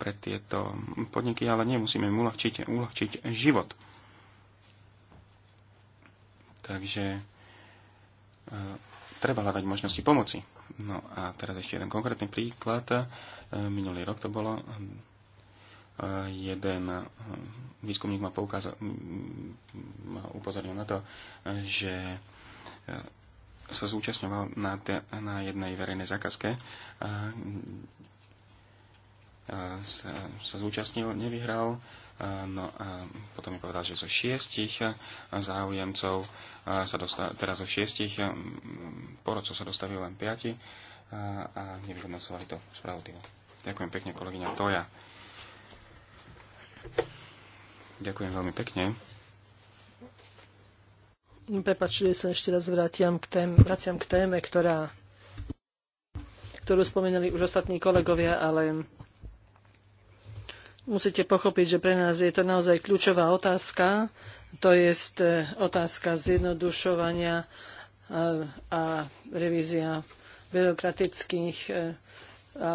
pre tieto podniky, ale nemusíme im uľahčiť, uľahčiť život. Takže treba hľadať možnosti pomoci. No a teraz ešte jeden konkrétny príklad. E, minulý rok to bolo. E, jeden e, výskumník ma, poukázal, ma upozornil na to, že sa zúčastňoval na, te, na jednej verejnej zákazke. Sa, sa zúčastnil, nevyhral No a potom mi povedal, že zo šiestich záujemcov sa dostal, teraz zo šiestich porodcov sa dostavili len piati a, a nevyhodnocovali to spravodlivo. Ďakujem pekne, kolegyňa Toja. Ďakujem veľmi pekne. Prepačte, sa ešte raz vraciam k, vraciam k téme, ktorá, ktorú spomenuli už ostatní kolegovia, ale musíte pochopiť, že pre nás je to naozaj kľúčová otázka, to je e, otázka zjednodušovania e, a revízia byrokratických e, a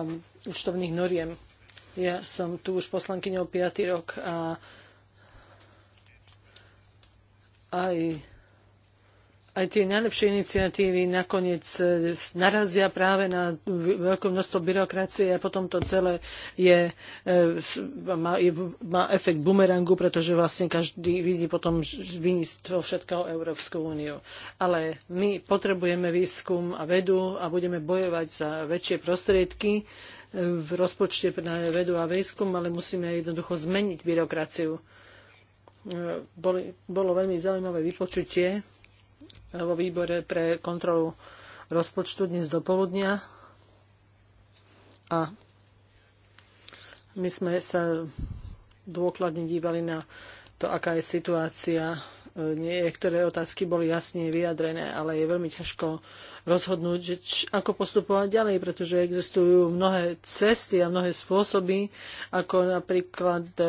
účtovných noriem. Ja som tu už poslankyňou 5. rok a aj aj tie najlepšie iniciatívy nakoniec e, narazia práve na veľké množstvo byrokracie a potom to celé je, e, má, je, má efekt bumerangu, pretože vlastne každý vidí potom všetko všetkého Európsku úniu. Ale my potrebujeme výskum a vedu a budeme bojovať za väčšie prostriedky e, v rozpočte na vedu a výskum, ale musíme jednoducho zmeniť byrokraciu. Boli, bolo veľmi zaujímavé vypočutie vo výbore pre kontrolu rozpočtu dnes do poludnia. A my sme sa dôkladne dívali na to, aká je situácia. Niektoré otázky boli jasne vyjadrené, ale je veľmi ťažko rozhodnúť, že č, ako postupovať ďalej, pretože existujú mnohé cesty a mnohé spôsoby, ako napríklad e,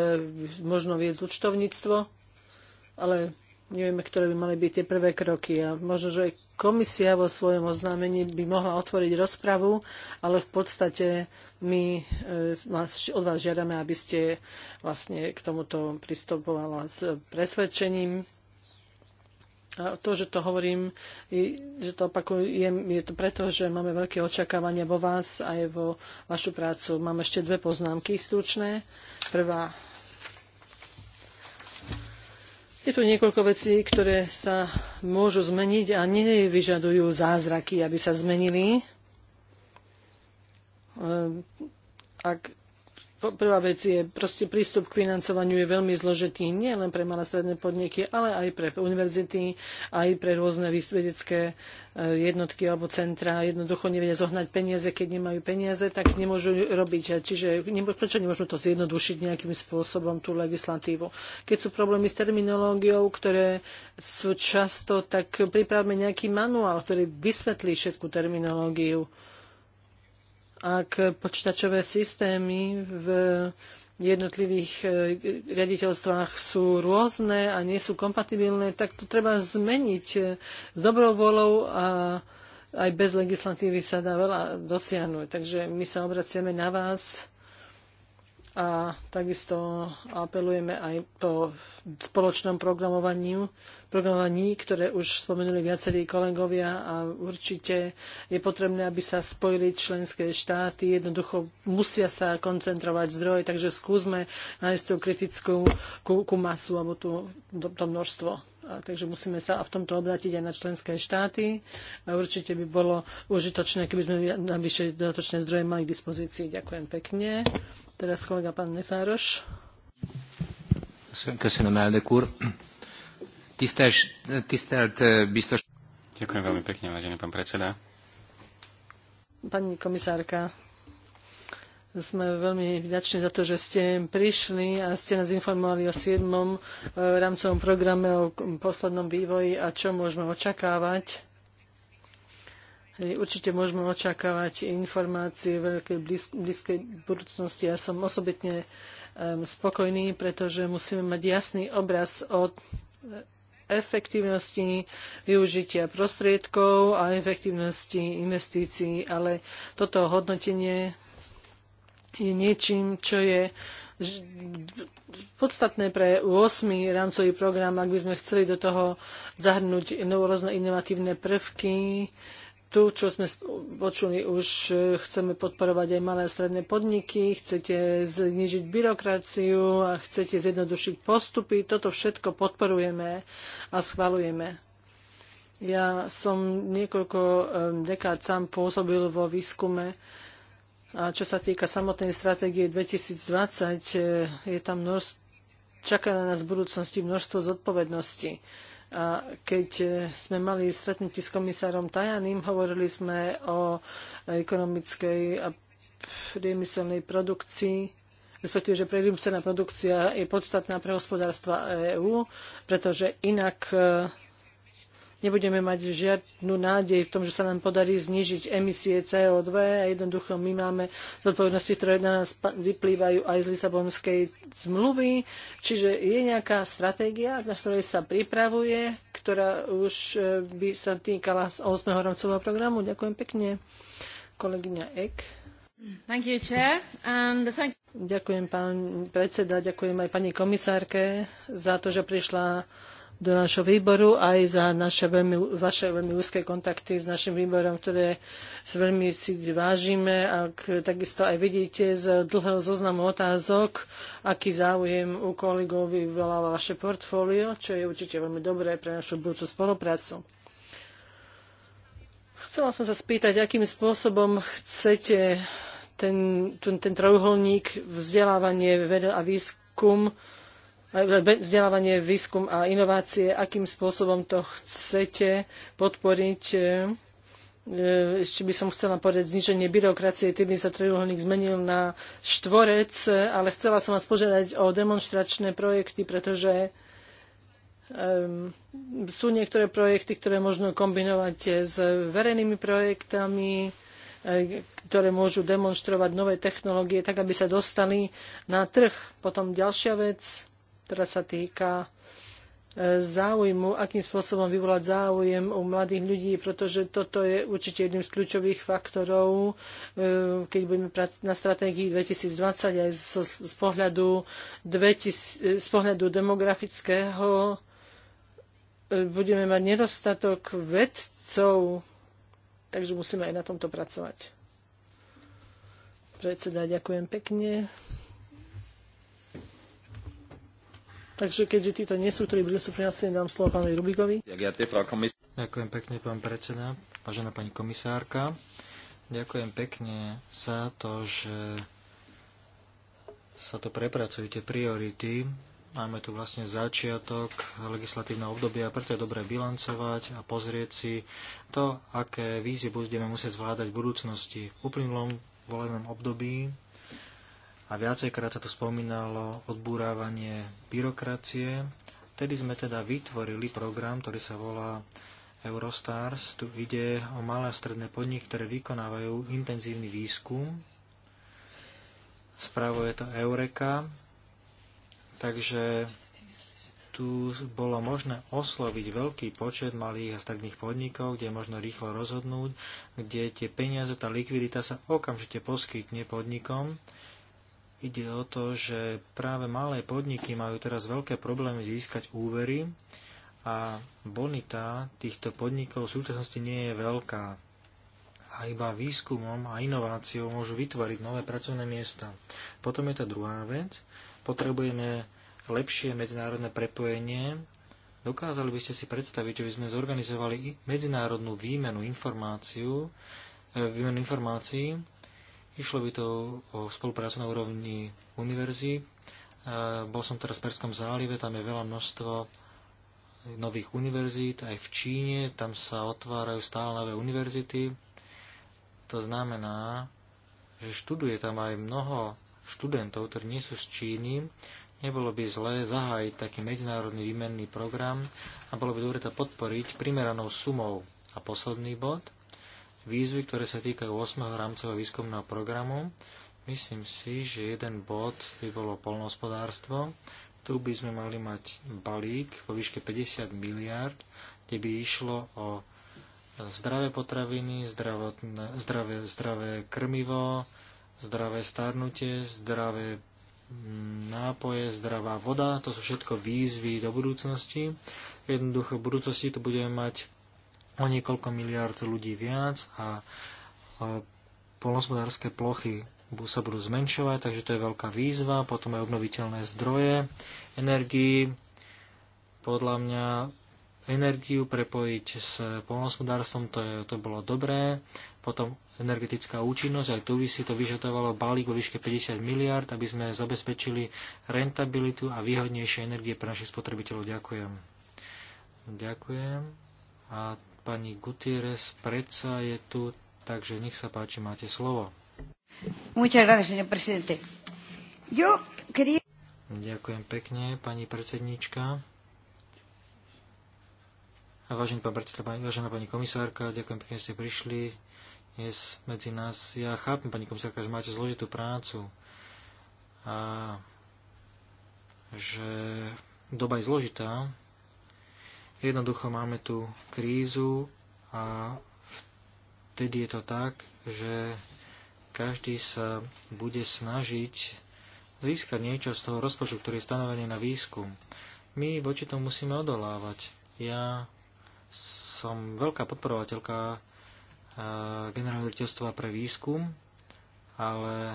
možno viesť účtovníctvo, ale nevieme, ktoré by mali byť tie prvé kroky. A možno, že komisia vo svojom oznámení by mohla otvoriť rozpravu, ale v podstate my e, vás, od vás žiadame, aby ste vlastne k tomuto pristupovala s presvedčením. A to, že to hovorím, že to opakujem, je to preto, že máme veľké očakávania vo vás aj vo vašu prácu. Mám ešte dve poznámky stručné. Prvá je tu niekoľko vecí, ktoré sa môžu zmeniť a nevyžadujú zázraky, aby sa zmenili. Ehm, ak prvá vec je, proste prístup k financovaniu je veľmi zložitý nielen pre malé stredné podniky, ale aj pre univerzity, aj pre rôzne vedecké e, jednotky alebo centra. Jednoducho nevedia zohnať peniaze, keď nemajú peniaze, tak nemôžu robiť. Čiže prečo nemôžu to zjednodušiť nejakým spôsobom tú legislatívu? Keď sú problémy s terminológiou, ktoré sú často, tak pripravme nejaký manuál, ktorý vysvetlí všetku terminológiu ak počítačové systémy v jednotlivých e, riaditeľstvách sú rôzne a nie sú kompatibilné, tak to treba zmeniť s dobrou volou a aj bez legislatívy sa dá veľa dosiahnuť. Takže my sa obraciame na vás a takisto apelujeme aj po spoločnom programovaniu, programovaní, ktoré už spomenuli viacerí kolegovia a určite je potrebné, aby sa spojili členské štáty, jednoducho musia sa koncentrovať zdroje, takže skúsme nájsť tú kritickú masu alebo tú, to, to množstvo takže musíme sa v tomto obrátiť aj na členské štáty. A určite by bolo užitočné, keby sme navyše dodatočné zdroje mali k dispozícii. Ďakujem pekne. Teraz kolega pán Nesároš. Köszönöm, elnök úr. Tisztelt, tisztelt eh, biztos... Ďakujem veľmi pekne, vážený pán predseda. Pani komisárka, sme veľmi vďační za to, že ste prišli a ste nás informovali o 7. E, rámcovom programe, o poslednom vývoji a čo môžeme očakávať. Určite môžeme očakávať informácie v veľkej blízkej budúcnosti. Ja som osobitne spokojný, pretože musíme mať jasný obraz o efektívnosti využitia prostriedkov a efektívnosti investícií, ale toto hodnotenie je niečím, čo je podstatné pre 8. rámcový program, ak by sme chceli do toho zahrnúť rôzne inovatívne prvky. Tu, čo sme počuli, už e, chceme podporovať aj malé a stredné podniky, chcete znižiť byrokraciu a chcete zjednodušiť postupy. Toto všetko podporujeme a schvalujeme. Ja som niekoľko e, dekád sám pôsobil vo výskume a čo sa týka samotnej stratégie 2020, e, je tam množstvo, čaká na nás v budúcnosti množstvo zodpovedností. A keď e, sme mali stretnutie s komisárom Tajaným, hovorili sme o ekonomickej a priemyselnej produkcii, respektíve, že priemyselná produkcia je podstatná pre hospodárstva EÚ, pretože inak e, nebudeme mať žiadnu nádej v tom, že sa nám podarí znižiť emisie CO2 a jednoducho my máme zodpovednosti, ktoré na nás vyplývajú aj z Lisabonskej zmluvy. Čiže je nejaká stratégia, na ktorej sa pripravuje, ktorá už e, by sa týkala z 8. rámcového programu. Ďakujem pekne. Kolegyňa Ek. You, ďakujem pán predseda, ďakujem aj pani komisárke za to, že prišla do nášho výboru aj za naše veľmi, vaše veľmi úzke kontakty s našim výborom, ktoré si veľmi si vážime a takisto aj vidíte z dlhého zoznamu otázok, aký záujem u kolegov vyvoláva vaše portfólio, čo je určite veľmi dobré pre našu budúcu spoluprácu. Chcela som sa spýtať, akým spôsobom chcete ten, ten, ten trojuholník vzdelávanie, veda a výskum vzdelávanie, výskum a inovácie, akým spôsobom to chcete podporiť. E, e, ešte by som chcela povedať zniženie byrokracie, tým by sa trojuholník zmenil na štvorec, ale chcela som vás požiadať o demonstračné projekty, pretože um, sú niektoré projekty, ktoré možno kombinovať s verejnými projektami, e, ktoré môžu demonstrovať nové technológie, tak aby sa dostali na trh. Potom ďalšia vec, ktorá sa týka e, záujmu, akým spôsobom vyvolať záujem u mladých ľudí, pretože toto je určite jedným z kľúčových faktorov, e, keď budeme pracovať na stratégii 2020 aj z, z, pohľadu, 2000, e, z pohľadu demografického budeme mať nedostatok vedcov, takže musíme aj na tomto pracovať. Predseda, ďakujem pekne. Takže keďže títo nie sú, ktorí budú sú dám slovo pánovi Rubikovi. Ďakujem pekne, pán predseda, vážená pani komisárka. Ďakujem pekne za to, že sa to prepracujete priority. Máme tu vlastne začiatok legislatívneho obdobia, preto je dobré bilancovať a pozrieť si to, aké vízie budeme musieť zvládať v budúcnosti. V uplynulom volebnom období a viacejkrát sa tu spomínalo odbúrávanie byrokracie. Vtedy sme teda vytvorili program, ktorý sa volá Eurostars. Tu ide o malé a stredné podniky, ktoré vykonávajú intenzívny výskum. je to Eureka, takže tu bolo možné osloviť veľký počet malých a stredných podnikov, kde je možno rýchlo rozhodnúť, kde tie peniaze, tá likvidita sa okamžite poskytne podnikom Ide o to, že práve malé podniky majú teraz veľké problémy získať úvery a bonita týchto podnikov v súčasnosti nie je veľká. A iba výskumom a inováciou môžu vytvoriť nové pracovné miesta. Potom je to druhá vec. Potrebujeme lepšie medzinárodné prepojenie. Dokázali by ste si predstaviť, že by sme zorganizovali medzinárodnú výmenu eh, výmenu informácií Išlo by to o spoluprácu na úrovni univerzí. E, bol som teraz v Perskom zálive, tam je veľa množstvo nových univerzít, aj v Číne, tam sa otvárajú stále nové univerzity. To znamená, že študuje tam aj mnoho študentov, ktorí nie sú z Číny. Nebolo by zlé zahájiť taký medzinárodný výmenný program a bolo by dobre to podporiť primeranou sumou. A posledný bod – výzvy, ktoré sa týkajú 8. rámcového výskumného programu. Myslím si, že jeden bod by bolo polnohospodárstvo. Tu by sme mali mať balík vo výške 50 miliard, kde by išlo o zdravé potraviny, zdravotné, zdravé, zdravé krmivo, zdravé starnutie, zdravé mm, nápoje, zdravá voda. To sú všetko výzvy do budúcnosti. Jednoducho v budúcnosti tu budeme mať o niekoľko miliard ľudí viac a polnospodárske plochy sa budú zmenšovať, takže to je veľká výzva. Potom aj obnoviteľné zdroje energii. Podľa mňa energiu prepojiť s polnospodárstvom, to, je, to bolo dobré. Potom energetická účinnosť, aj tu by si to vyžadovalo balík vo výške 50 miliard, aby sme zabezpečili rentabilitu a výhodnejšie energie pre našich spotrebiteľov. Ďakujem. Ďakujem. A pani Gutierrez predsa je tu, takže nech sa páči, máte slovo. Ďakujem pekne, pani predsednička. A vážený pán predseda, pani, vážená pani komisárka, ďakujem pekne, že ste prišli dnes medzi nás. Ja chápem, pani komisárka, že máte zložitú prácu a že doba je zložitá, Jednoducho máme tu krízu a vtedy je to tak, že každý sa bude snažiť získať niečo z toho rozpočtu, ktorý je stanovený na výskum. My voči tomu musíme odolávať. Ja som veľká podporovateľka e, generálneho pre výskum, ale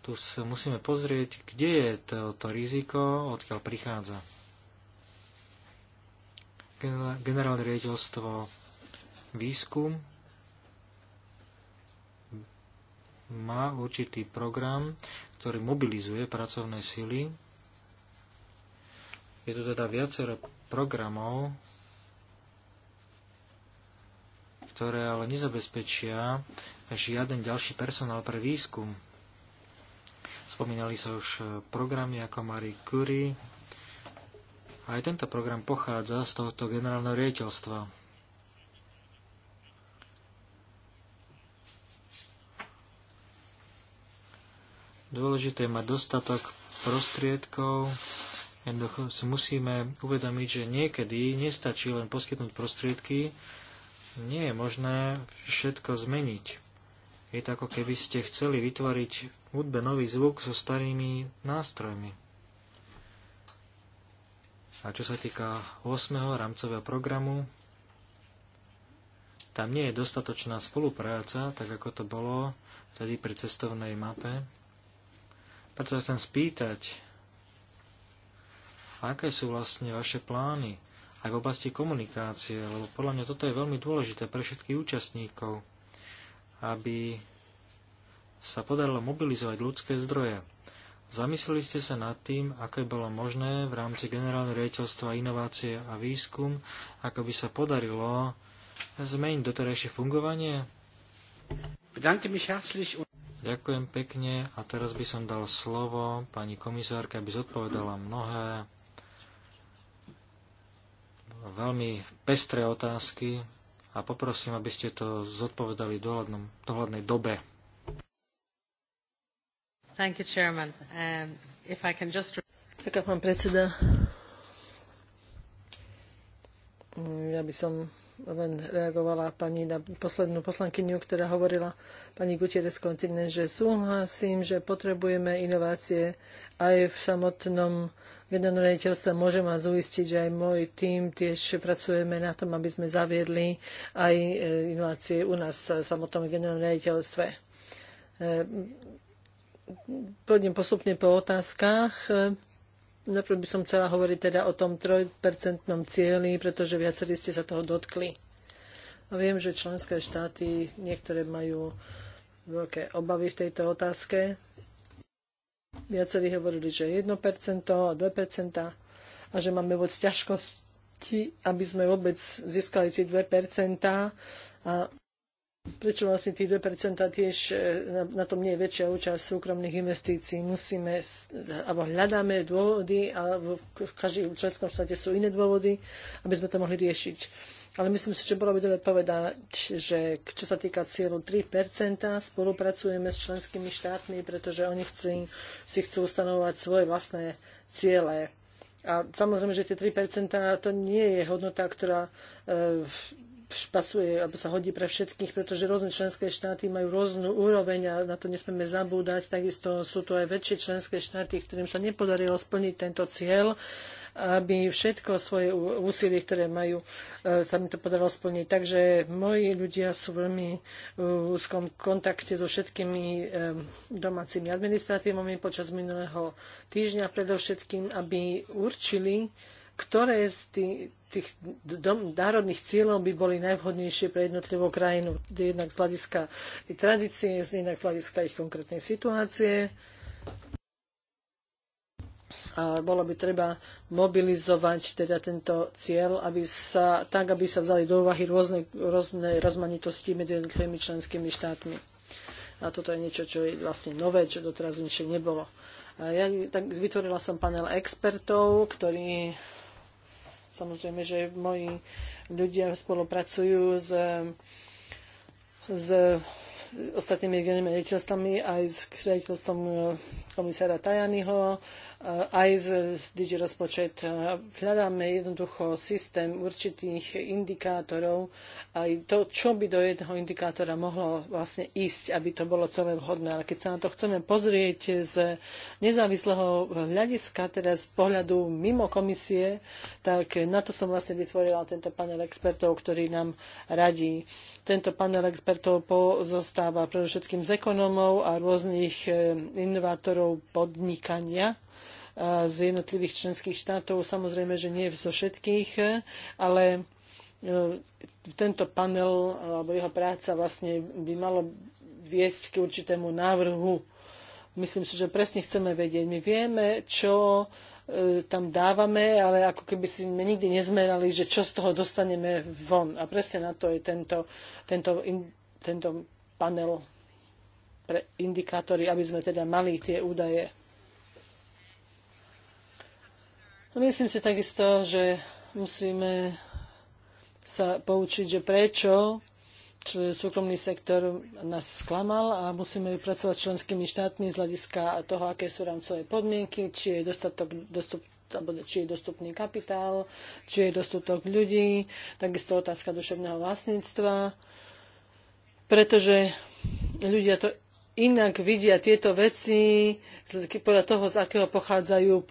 tu sa musíme pozrieť, kde je toto riziko, odkiaľ prichádza generálne riaditeľstvo výskum má určitý program, ktorý mobilizuje pracovné sily. Je tu teda viacero programov, ktoré ale nezabezpečia žiaden ďalší personál pre výskum. Spomínali sa už programy ako Marie Curie, aj tento program pochádza z tohto generálneho riaditeľstva. Dôležité je mať dostatok prostriedkov. Jednoducho si musíme uvedomiť, že niekedy nestačí len poskytnúť prostriedky, nie je možné všetko zmeniť. Je to ako keby ste chceli vytvoriť v hudbe nový zvuk so starými nástrojmi. A čo sa týka 8. rámcového programu, tam nie je dostatočná spolupráca, tak ako to bolo vtedy pri cestovnej mape. Preto sa chcem spýtať, aké sú vlastne vaše plány aj v oblasti komunikácie, lebo podľa mňa toto je veľmi dôležité pre všetkých účastníkov, aby sa podarilo mobilizovať ľudské zdroje. Zamysleli ste sa nad tým, ako bolo možné v rámci generálneho riaditeľstva inovácie a výskum, ako by sa podarilo zmeniť doterajšie fungovanie? Ďakujem pekne a teraz by som dal slovo pani komisárke, aby zodpovedala mnohé veľmi pestré otázky a poprosím, aby ste to zodpovedali v dohľadnej dobe. Thank you, Chairman. Um, if I can just... Ďakujem, pán predseda. Mm, ja by som len reagovala pani na poslednú poslankyňu, ktorá hovorila pani Gutierrez kontinent, že súhlasím, že potrebujeme inovácie aj v samotnom generálnom riaditeľstve. Môžem vás uistiť, že aj môj tým tiež pracujeme na tom, aby sme zaviedli aj e, inovácie u nás v samotnom generálnom pôjdem postupne po otázkach. Najprv by som chcela hovoriť teda o tom trojpercentnom cieli, pretože viacerí ste sa toho dotkli. A viem, že členské štáty niektoré majú veľké obavy v tejto otázke. Viacerí hovorili, že 1% a 2% a že máme vôbec ťažkosti, aby sme vôbec získali tie 2% a prečo vlastne tých 2% tiež e, na, na tom nie je väčšia účasť súkromných investícií. Musíme, alebo hľadáme dôvody, a v každom členskom štáte sú iné dôvody, aby sme to mohli riešiť. Ale myslím si, že bolo by dobre povedať, že čo sa týka cieľu 3%, spolupracujeme s členskými štátmi, pretože oni chcú, si chcú ustanovovať svoje vlastné ciele. A samozrejme, že tie 3% to nie je hodnota, ktorá e, pasuje, alebo sa hodí pre všetkých, pretože rôzne členské štáty majú rôznu úroveň a na to nesmieme zabúdať. Takisto sú to aj väčšie členské štáty, ktorým sa nepodarilo splniť tento cieľ aby všetko svoje úsilie, ktoré majú, e, sa mi to podarilo splniť. Takže moji ľudia sú veľmi e, v úzkom kontakte so všetkými e, domácimi administratívami počas minulého týždňa, predovšetkým, aby určili, ktoré z tých, tých dom, národných cieľov by boli najvhodnejšie pre jednotlivú krajinu, jednak z hľadiska ich tradície, jednak z hľadiska ich konkrétnej situácie. A bolo by treba mobilizovať teda tento cieľ, aby sa, tak, aby sa vzali do úvahy rôzne, rôzne rozmanitosti medzi jednotlivými členskými štátmi. A toto je niečo, čo je vlastne nové, čo doteraz ničím nebolo. Ja, tak vytvorila som panel expertov, ktorí Samozrejme, že moji ľudia spolupracujú s, s ostatnými generálnymi riaditeľstvami aj s riaditeľstvom komisára Tajaniho, eh, aj z DG rozpočet. Eh, hľadáme jednoducho systém určitých indikátorov, aj to, čo by do jedného indikátora mohlo vlastne ísť, aby to bolo celé vhodné. Ale keď sa na to chceme pozrieť z nezávislého hľadiska, teda z pohľadu mimo komisie, tak na to som vlastne vytvorila tento panel expertov, ktorý nám radí. Tento panel expertov pozostáva predovšetkým z ekonómov a rôznych eh, inovátorov aspektov podnikania e, z jednotlivých členských štátov. Samozrejme, že nie zo všetkých, ale e, tento panel alebo jeho práca vlastne by malo viesť k určitému návrhu. Myslím si, že presne chceme vedieť. My vieme, čo e, tam dávame, ale ako keby si nikdy nezmerali, že čo z toho dostaneme von. A presne na to je tento, tento, tento panel pre indikátory, aby sme teda mali tie údaje. Myslím si takisto, že musíme sa poučiť, že prečo súkromný sektor nás sklamal a musíme vypracovať členskými štátmi z hľadiska toho, aké sú rámcové podmienky, či je dostatok dostup, či je dostupný kapitál, či je dostatok ľudí, takisto otázka duševného vlastníctva, pretože ľudia to inak vidia tieto veci podľa toho, z akého pochádzajú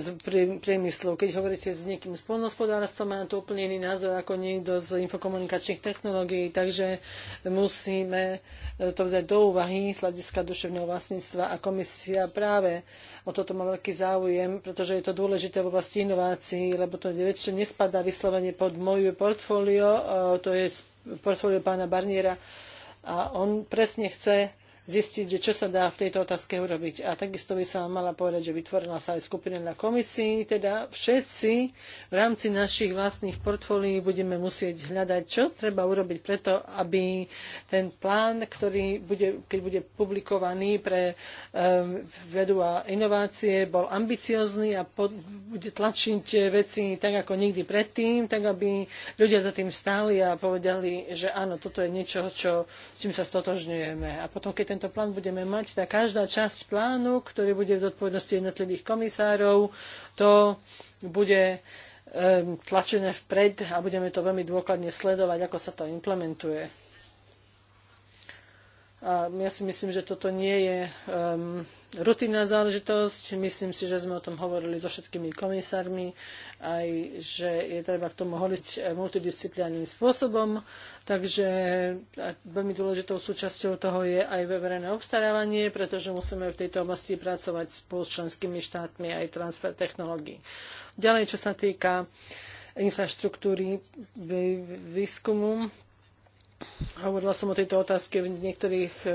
z priemyslov. Keď hovoríte s niekým z polnohospodárstva, má to úplne iný názor ako niekto z infokomunikačných technológií, takže musíme eh, to vzať do úvahy z hľadiska duševného vlastníctva a komisia práve o toto má veľký záujem, pretože je to dôležité v oblasti inovácií, lebo to väčšie nespadá vyslovene pod moju portfólio, eh, to je portfólio pána Barniera a on presne chce zistiť, že čo sa dá v tejto otázke urobiť. A takisto by som mala povedať, že vytvorila sa aj skupina na komisii, teda všetci v rámci našich vlastných portfólií budeme musieť hľadať, čo treba urobiť preto, aby ten plán, ktorý bude, keď bude publikovaný pre um, vedu a inovácie, bol ambiciozný a pod, bude tlačiť veci tak, ako nikdy predtým, tak, aby ľudia za tým stáli a povedali, že áno, toto je niečo, čo, s čím sa stotožňujeme. A potom, keď ten tento plán budeme mať, tak každá časť plánu, ktorý bude v zodpovednosti jednotlivých komisárov, to bude tlačené vpred a budeme to veľmi dôkladne sledovať, ako sa to implementuje. A ja si myslím, že toto nie je um, rutinná záležitosť. Myslím si, že sme o tom hovorili so všetkými komisármi, aj že je treba k tomu holiť eh, multidisciplinárnym spôsobom. Takže veľmi dôležitou súčasťou toho je aj verejné obstarávanie, pretože musíme v tejto oblasti pracovať spolu s členskými štátmi aj transfer technológií. Ďalej, čo sa týka infraštruktúry výskumu, Hovorila som o tejto otázke v niektorých e,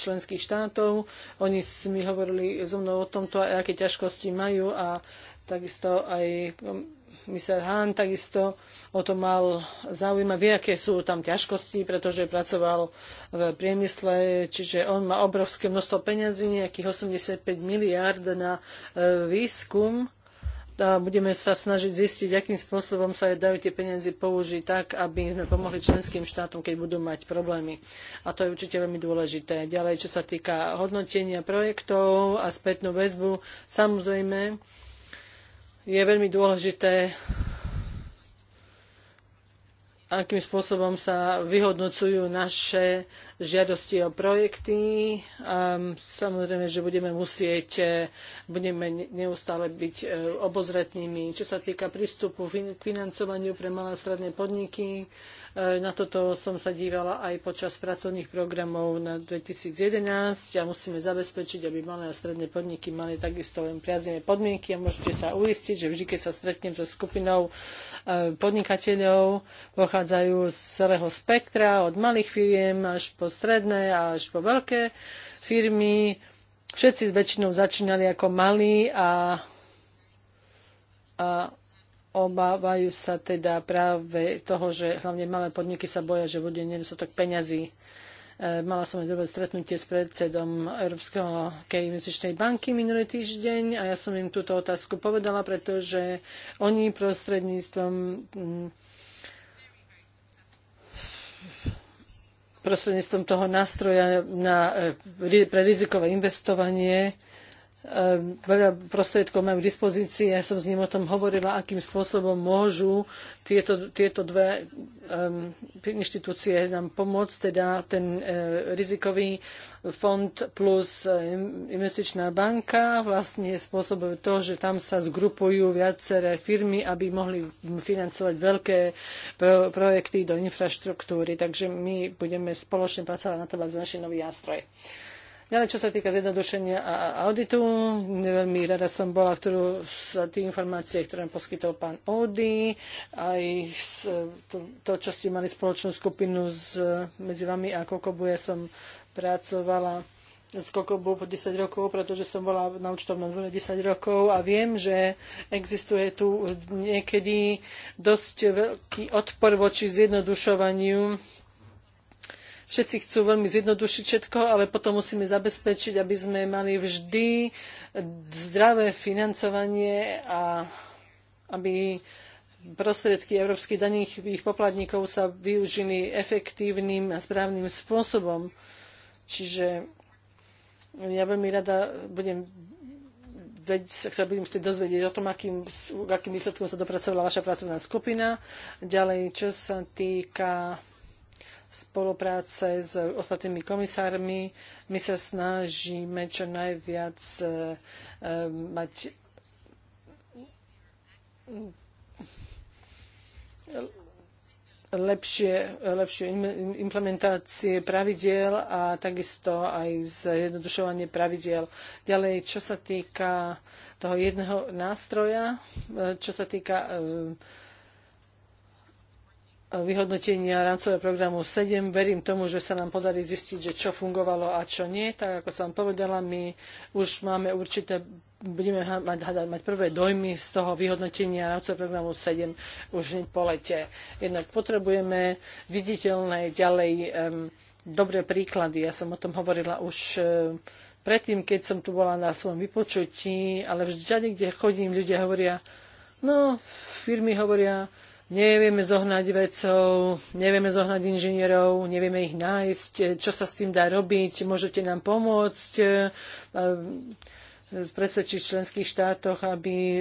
členských štátov. Oni mi hovorili so mnou o tomto, aké ťažkosti majú a takisto aj mister Hahn takisto o to mal záujem vie, aké sú tam ťažkosti, pretože pracoval v priemysle, čiže on má obrovské množstvo peňazí, nejakých 85 miliárd na e, výskum a budeme sa snažiť zistiť, akým spôsobom sa dajú tie peniaze použiť tak, aby sme pomohli členským štátom, keď budú mať problémy. A to je určite veľmi dôležité. Ďalej, čo sa týka hodnotenia projektov a spätnú väzbu, samozrejme je veľmi dôležité akým spôsobom sa vyhodnocujú naše žiadosti o projekty. Um, samozrejme, že budeme musieť, e, budeme neustále byť e, obozretnými. Čo sa týka prístupu k financovaniu pre malé a stredné podniky, e, na toto som sa dívala aj počas pracovných programov na 2011 a musíme zabezpečiť, aby malé a stredné podniky mali takisto len priaznivé podmienky a môžete sa uistiť, že vždy, keď sa stretnem so skupinou podnikateľov, pochádzajú z celého spektra, od malých firiem až po po stredné až po veľké firmy. Všetci väčšinou začínali ako malí a, a obávajú sa teda práve toho, že hlavne malé podniky sa boja, že bude nedostatok peňazí. E, mala som aj dobré stretnutie s predsedom Európskeho investičnej banky minulý týždeň a ja som im túto otázku povedala, pretože oni prostredníctvom mm, prostredníctvom toho nástroja na, e, pre rizikové investovanie Ehm, veľa prostriedkov majú k dispozícii. Ja som s ním o tom hovorila, akým spôsobom môžu tieto, tieto dve um, inštitúcie nám pomôcť, teda ten uh, rizikový fond plus e, investičná banka. Vlastne spôsobom to, že tam sa zgrupujú viaceré firmy, aby mohli financovať veľké pro- projekty do infraštruktúry. Takže my budeme spoločne pracovať na to, aby sme našli nový nástroj. Uh, Ďalej, no, čo sa týka zjednodušenia a auditu, veľmi rada som bola, ktorú sa tie informácie, ktoré nám poskytol pán Ody, aj to, čo ste mali spoločnú skupinu s, medzi vami a Kokobu, ja som pracovala s Kokobu po 10 rokov, pretože som bola na účtovnom dvore 10 rokov a viem, že existuje tu niekedy dosť veľký odpor voči zjednodušovaniu všetci chcú veľmi zjednodušiť všetko, ale potom musíme zabezpečiť, aby sme mali vždy zdravé financovanie a aby prostriedky európskych daných poplatníkov sa využili efektívnym a správnym spôsobom. Čiže ja veľmi rada budem ak sa budem chcieť dozvedieť o tom, akým, akým výsledkom sa dopracovala vaša pracovná skupina. Ďalej, čo sa týka spolupráce s ostatnými komisármi. My sa snažíme čo najviac e, e, mať lepšie, lepšie implementácie pravidiel a takisto aj zjednodušovanie pravidiel. Ďalej, čo sa týka toho jedného nástroja, e, čo sa týka vyhodnotenia rámcového programu 7. Verím tomu, že sa nám podarí zistiť, že čo fungovalo a čo nie. Tak ako som povedala, my už máme určité, budeme mať, mať prvé dojmy z toho vyhodnotenia rámcového programu 7 už hneď po lete. Jednak potrebujeme viditeľné ďalej um, dobré príklady. Ja som o tom hovorila už um, predtým, keď som tu bola na svojom vypočutí, ale vždy, kde chodím, ľudia hovoria, no, firmy hovoria, nevieme zohnať vedcov, nevieme zohnať inžinierov, nevieme ich nájsť, čo sa s tým dá robiť, môžete nám pomôcť eh, eh, v presvedčiť členských štátoch, aby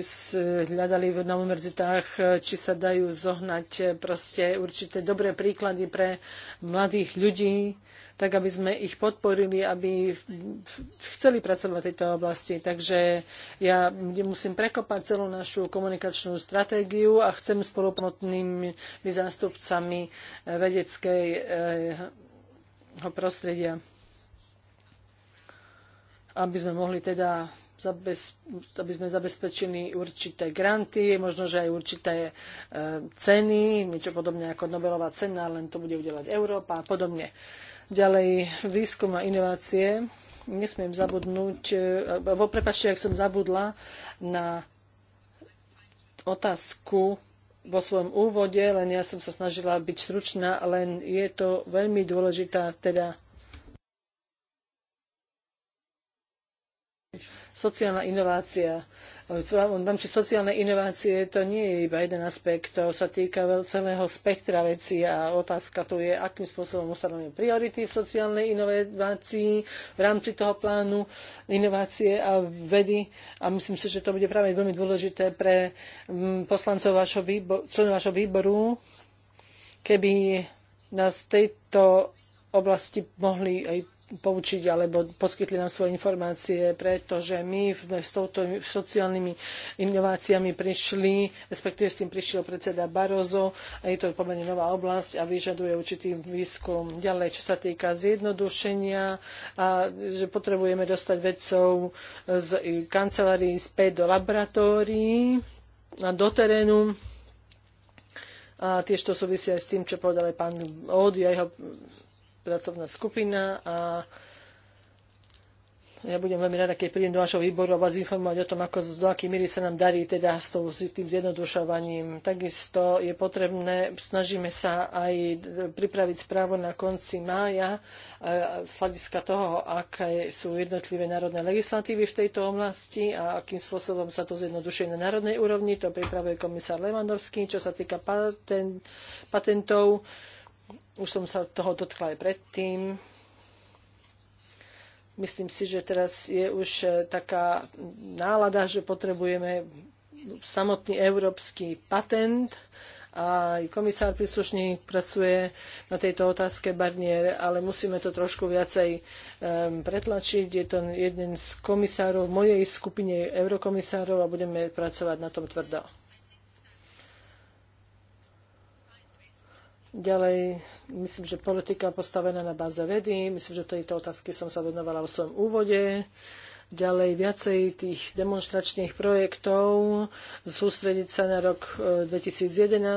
hľadali na univerzitách, eh, či sa dajú zohnať proste určité dobré príklady pre mladých ľudí, tak aby sme ich podporili, aby chceli pracovať v tejto oblasti. Takže ja musím prekopať celú našu komunikačnú stratégiu a chcem spolupnotnými zástupcami eh, vedeckého eh, prostredia aby sme mohli teda aby sme zabezpečili určité granty, možno, že aj určité eh, ceny, niečo podobne ako Nobelová cena, len to bude udelať Európa a podobne. Ďalej výskum a inovácie. Nesmiem zabudnúť, e, alebo prepačte, ak som zabudla na otázku vo svojom úvode, len ja som sa snažila byť stručná, len je to veľmi dôležitá teda sociálna inovácia v rámci sociálnej inovácie to nie je iba jeden aspekt, to sa týka celého spektra vecí a otázka tu je, akým spôsobom ustanovíme priority v sociálnej inovácii v rámci toho plánu inovácie a vedy a myslím si, že to bude práve veľmi dôležité pre mm, poslancov vašho výboru, členov vašho výboru, keby nás v tejto oblasti mohli aj poučiť alebo poskytli nám svoje informácie, pretože my s touto sociálnymi inováciami prišli, respektíve s tým prišiel predseda Barozo a je to pomerne nová oblasť a vyžaduje určitý výskum ďalej, čo sa týka zjednodušenia a že potrebujeme dostať vedcov z kancelárií späť do laboratórií a do terénu. A tiež to súvisia aj s tým, čo povedal aj pán Ódy a jeho pracovná skupina a ja budem veľmi rada, keď prídem do vašho výboru a vás informovať o tom, ako do akej miery sa nám darí teda s, tým zjednodušovaním. Takisto je potrebné, snažíme sa aj pripraviť správu na konci mája e, z hľadiska toho, aké sú jednotlivé národné legislatívy v tejto oblasti a akým spôsobom sa to zjednodušuje na národnej úrovni. To pripravuje komisár Levandovský, čo sa týka patent, patentov už som sa toho dotkla aj predtým. Myslím si, že teraz je už e, taká nálada, že potrebujeme samotný európsky patent a aj komisár príslušný pracuje na tejto otázke Barnier, ale musíme to trošku viacej um, pretlačiť. Je to jeden z komisárov mojej skupine eurokomisárov a budeme pracovať na tom tvrdo. Ďalej Myslím, že politika postavená na báze vedy, myslím, že tejto otázky som sa venovala v svojom úvode ďalej viacej tých demonstračných projektov, sústrediť sa na rok 2011,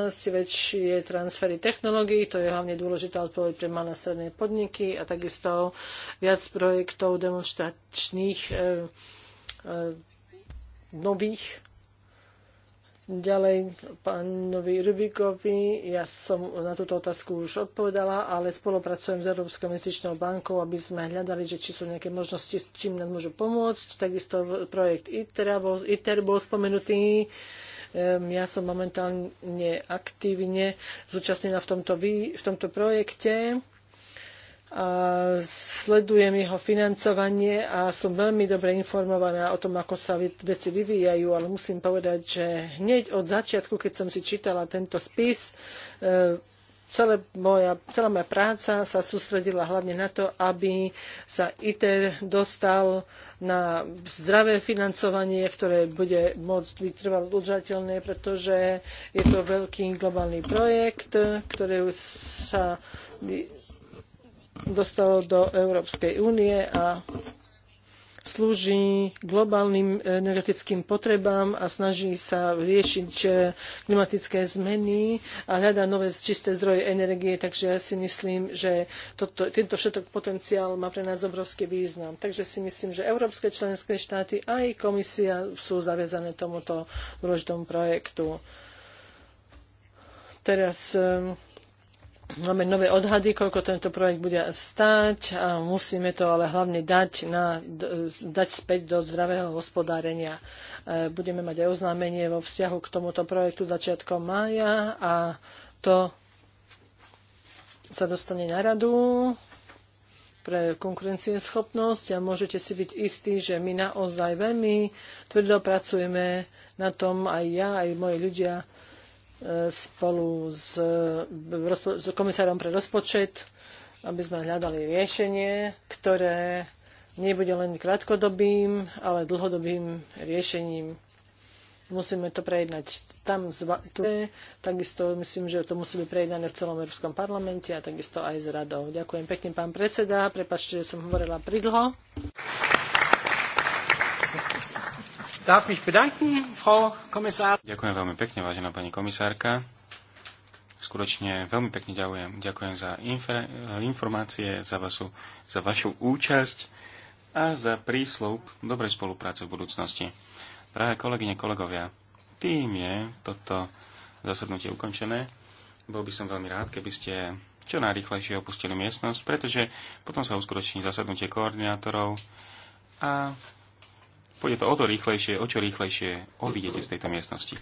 e, väčšie transfery technológií, to je hlavne dôležitá odpoveď pre malé stredné podniky a takisto viac projektov demonstračných e, e, nových Ďalej pánovi Rubikovi, ja som na túto otázku už odpovedala, ale spolupracujem s Európskou investičnou bankou, aby sme hľadali, že či sú nejaké možnosti, s čím nám môžu pomôcť. Takisto projekt ITER bol, ITER bol spomenutý. Ehm, ja som momentálne aktívne zúčastnená v tomto, v tomto projekte a sledujem jeho financovanie a som veľmi dobre informovaná o tom, ako sa veci vyvíjajú, ale musím povedať, že hneď od začiatku, keď som si čítala tento spis, e, moja, celá moja práca sa sústredila hlavne na to, aby sa ITER dostal na zdravé financovanie, ktoré bude môcť byť trvalo udržateľné, pretože je to veľký globálny projekt, ktorý sa dostalo do Európskej únie a slúži globálnym energetickým potrebám a snaží sa riešiť eh, klimatické zmeny a hľada nové čisté zdroje energie, takže ja si myslím, že toto, tento všetok potenciál má pre nás obrovský význam. Takže si myslím, že európske členské štáty aj komisia sú zaviazané tomuto dôležitom projektu. Teraz eh, máme nové odhady, koľko tento projekt bude stáť a musíme to ale hlavne dať, na, dať späť do zdravého hospodárenia. E, budeme mať aj oznámenie vo vzťahu k tomuto projektu začiatkom mája a to sa dostane na radu pre konkurencieschopnosť a môžete si byť istí, že my naozaj veľmi tvrdo pracujeme na tom aj ja, aj moji ľudia spolu s, s komisárom pre rozpočet, aby sme hľadali riešenie, ktoré nebude len krátkodobým, ale dlhodobým riešením. Musíme to prejednať tam, tu, takisto myslím, že to musí byť prejednané v celom Európskom parlamente a takisto aj s radou. Ďakujem pekne, pán predseda. Prepačte, že som hovorila pridlho darf mich bedanken, Frau Ďakujem veľmi pekne, vážená pani komisárka. Skutočne veľmi pekne ďakujem. Ďakujem za eh, informácie, za, vašu, za vašu účasť a za prísľub dobrej spolupráce v budúcnosti. Drahé kolegyne, kolegovia, tým je toto zasadnutie ukončené. Bol by som veľmi rád, keby ste čo najrychlejšie opustili miestnosť, pretože potom sa uskutoční zasadnutie koordinátorov a Pôjde to o to rýchlejšie, o čo rýchlejšie odídete z tejto miestnosti.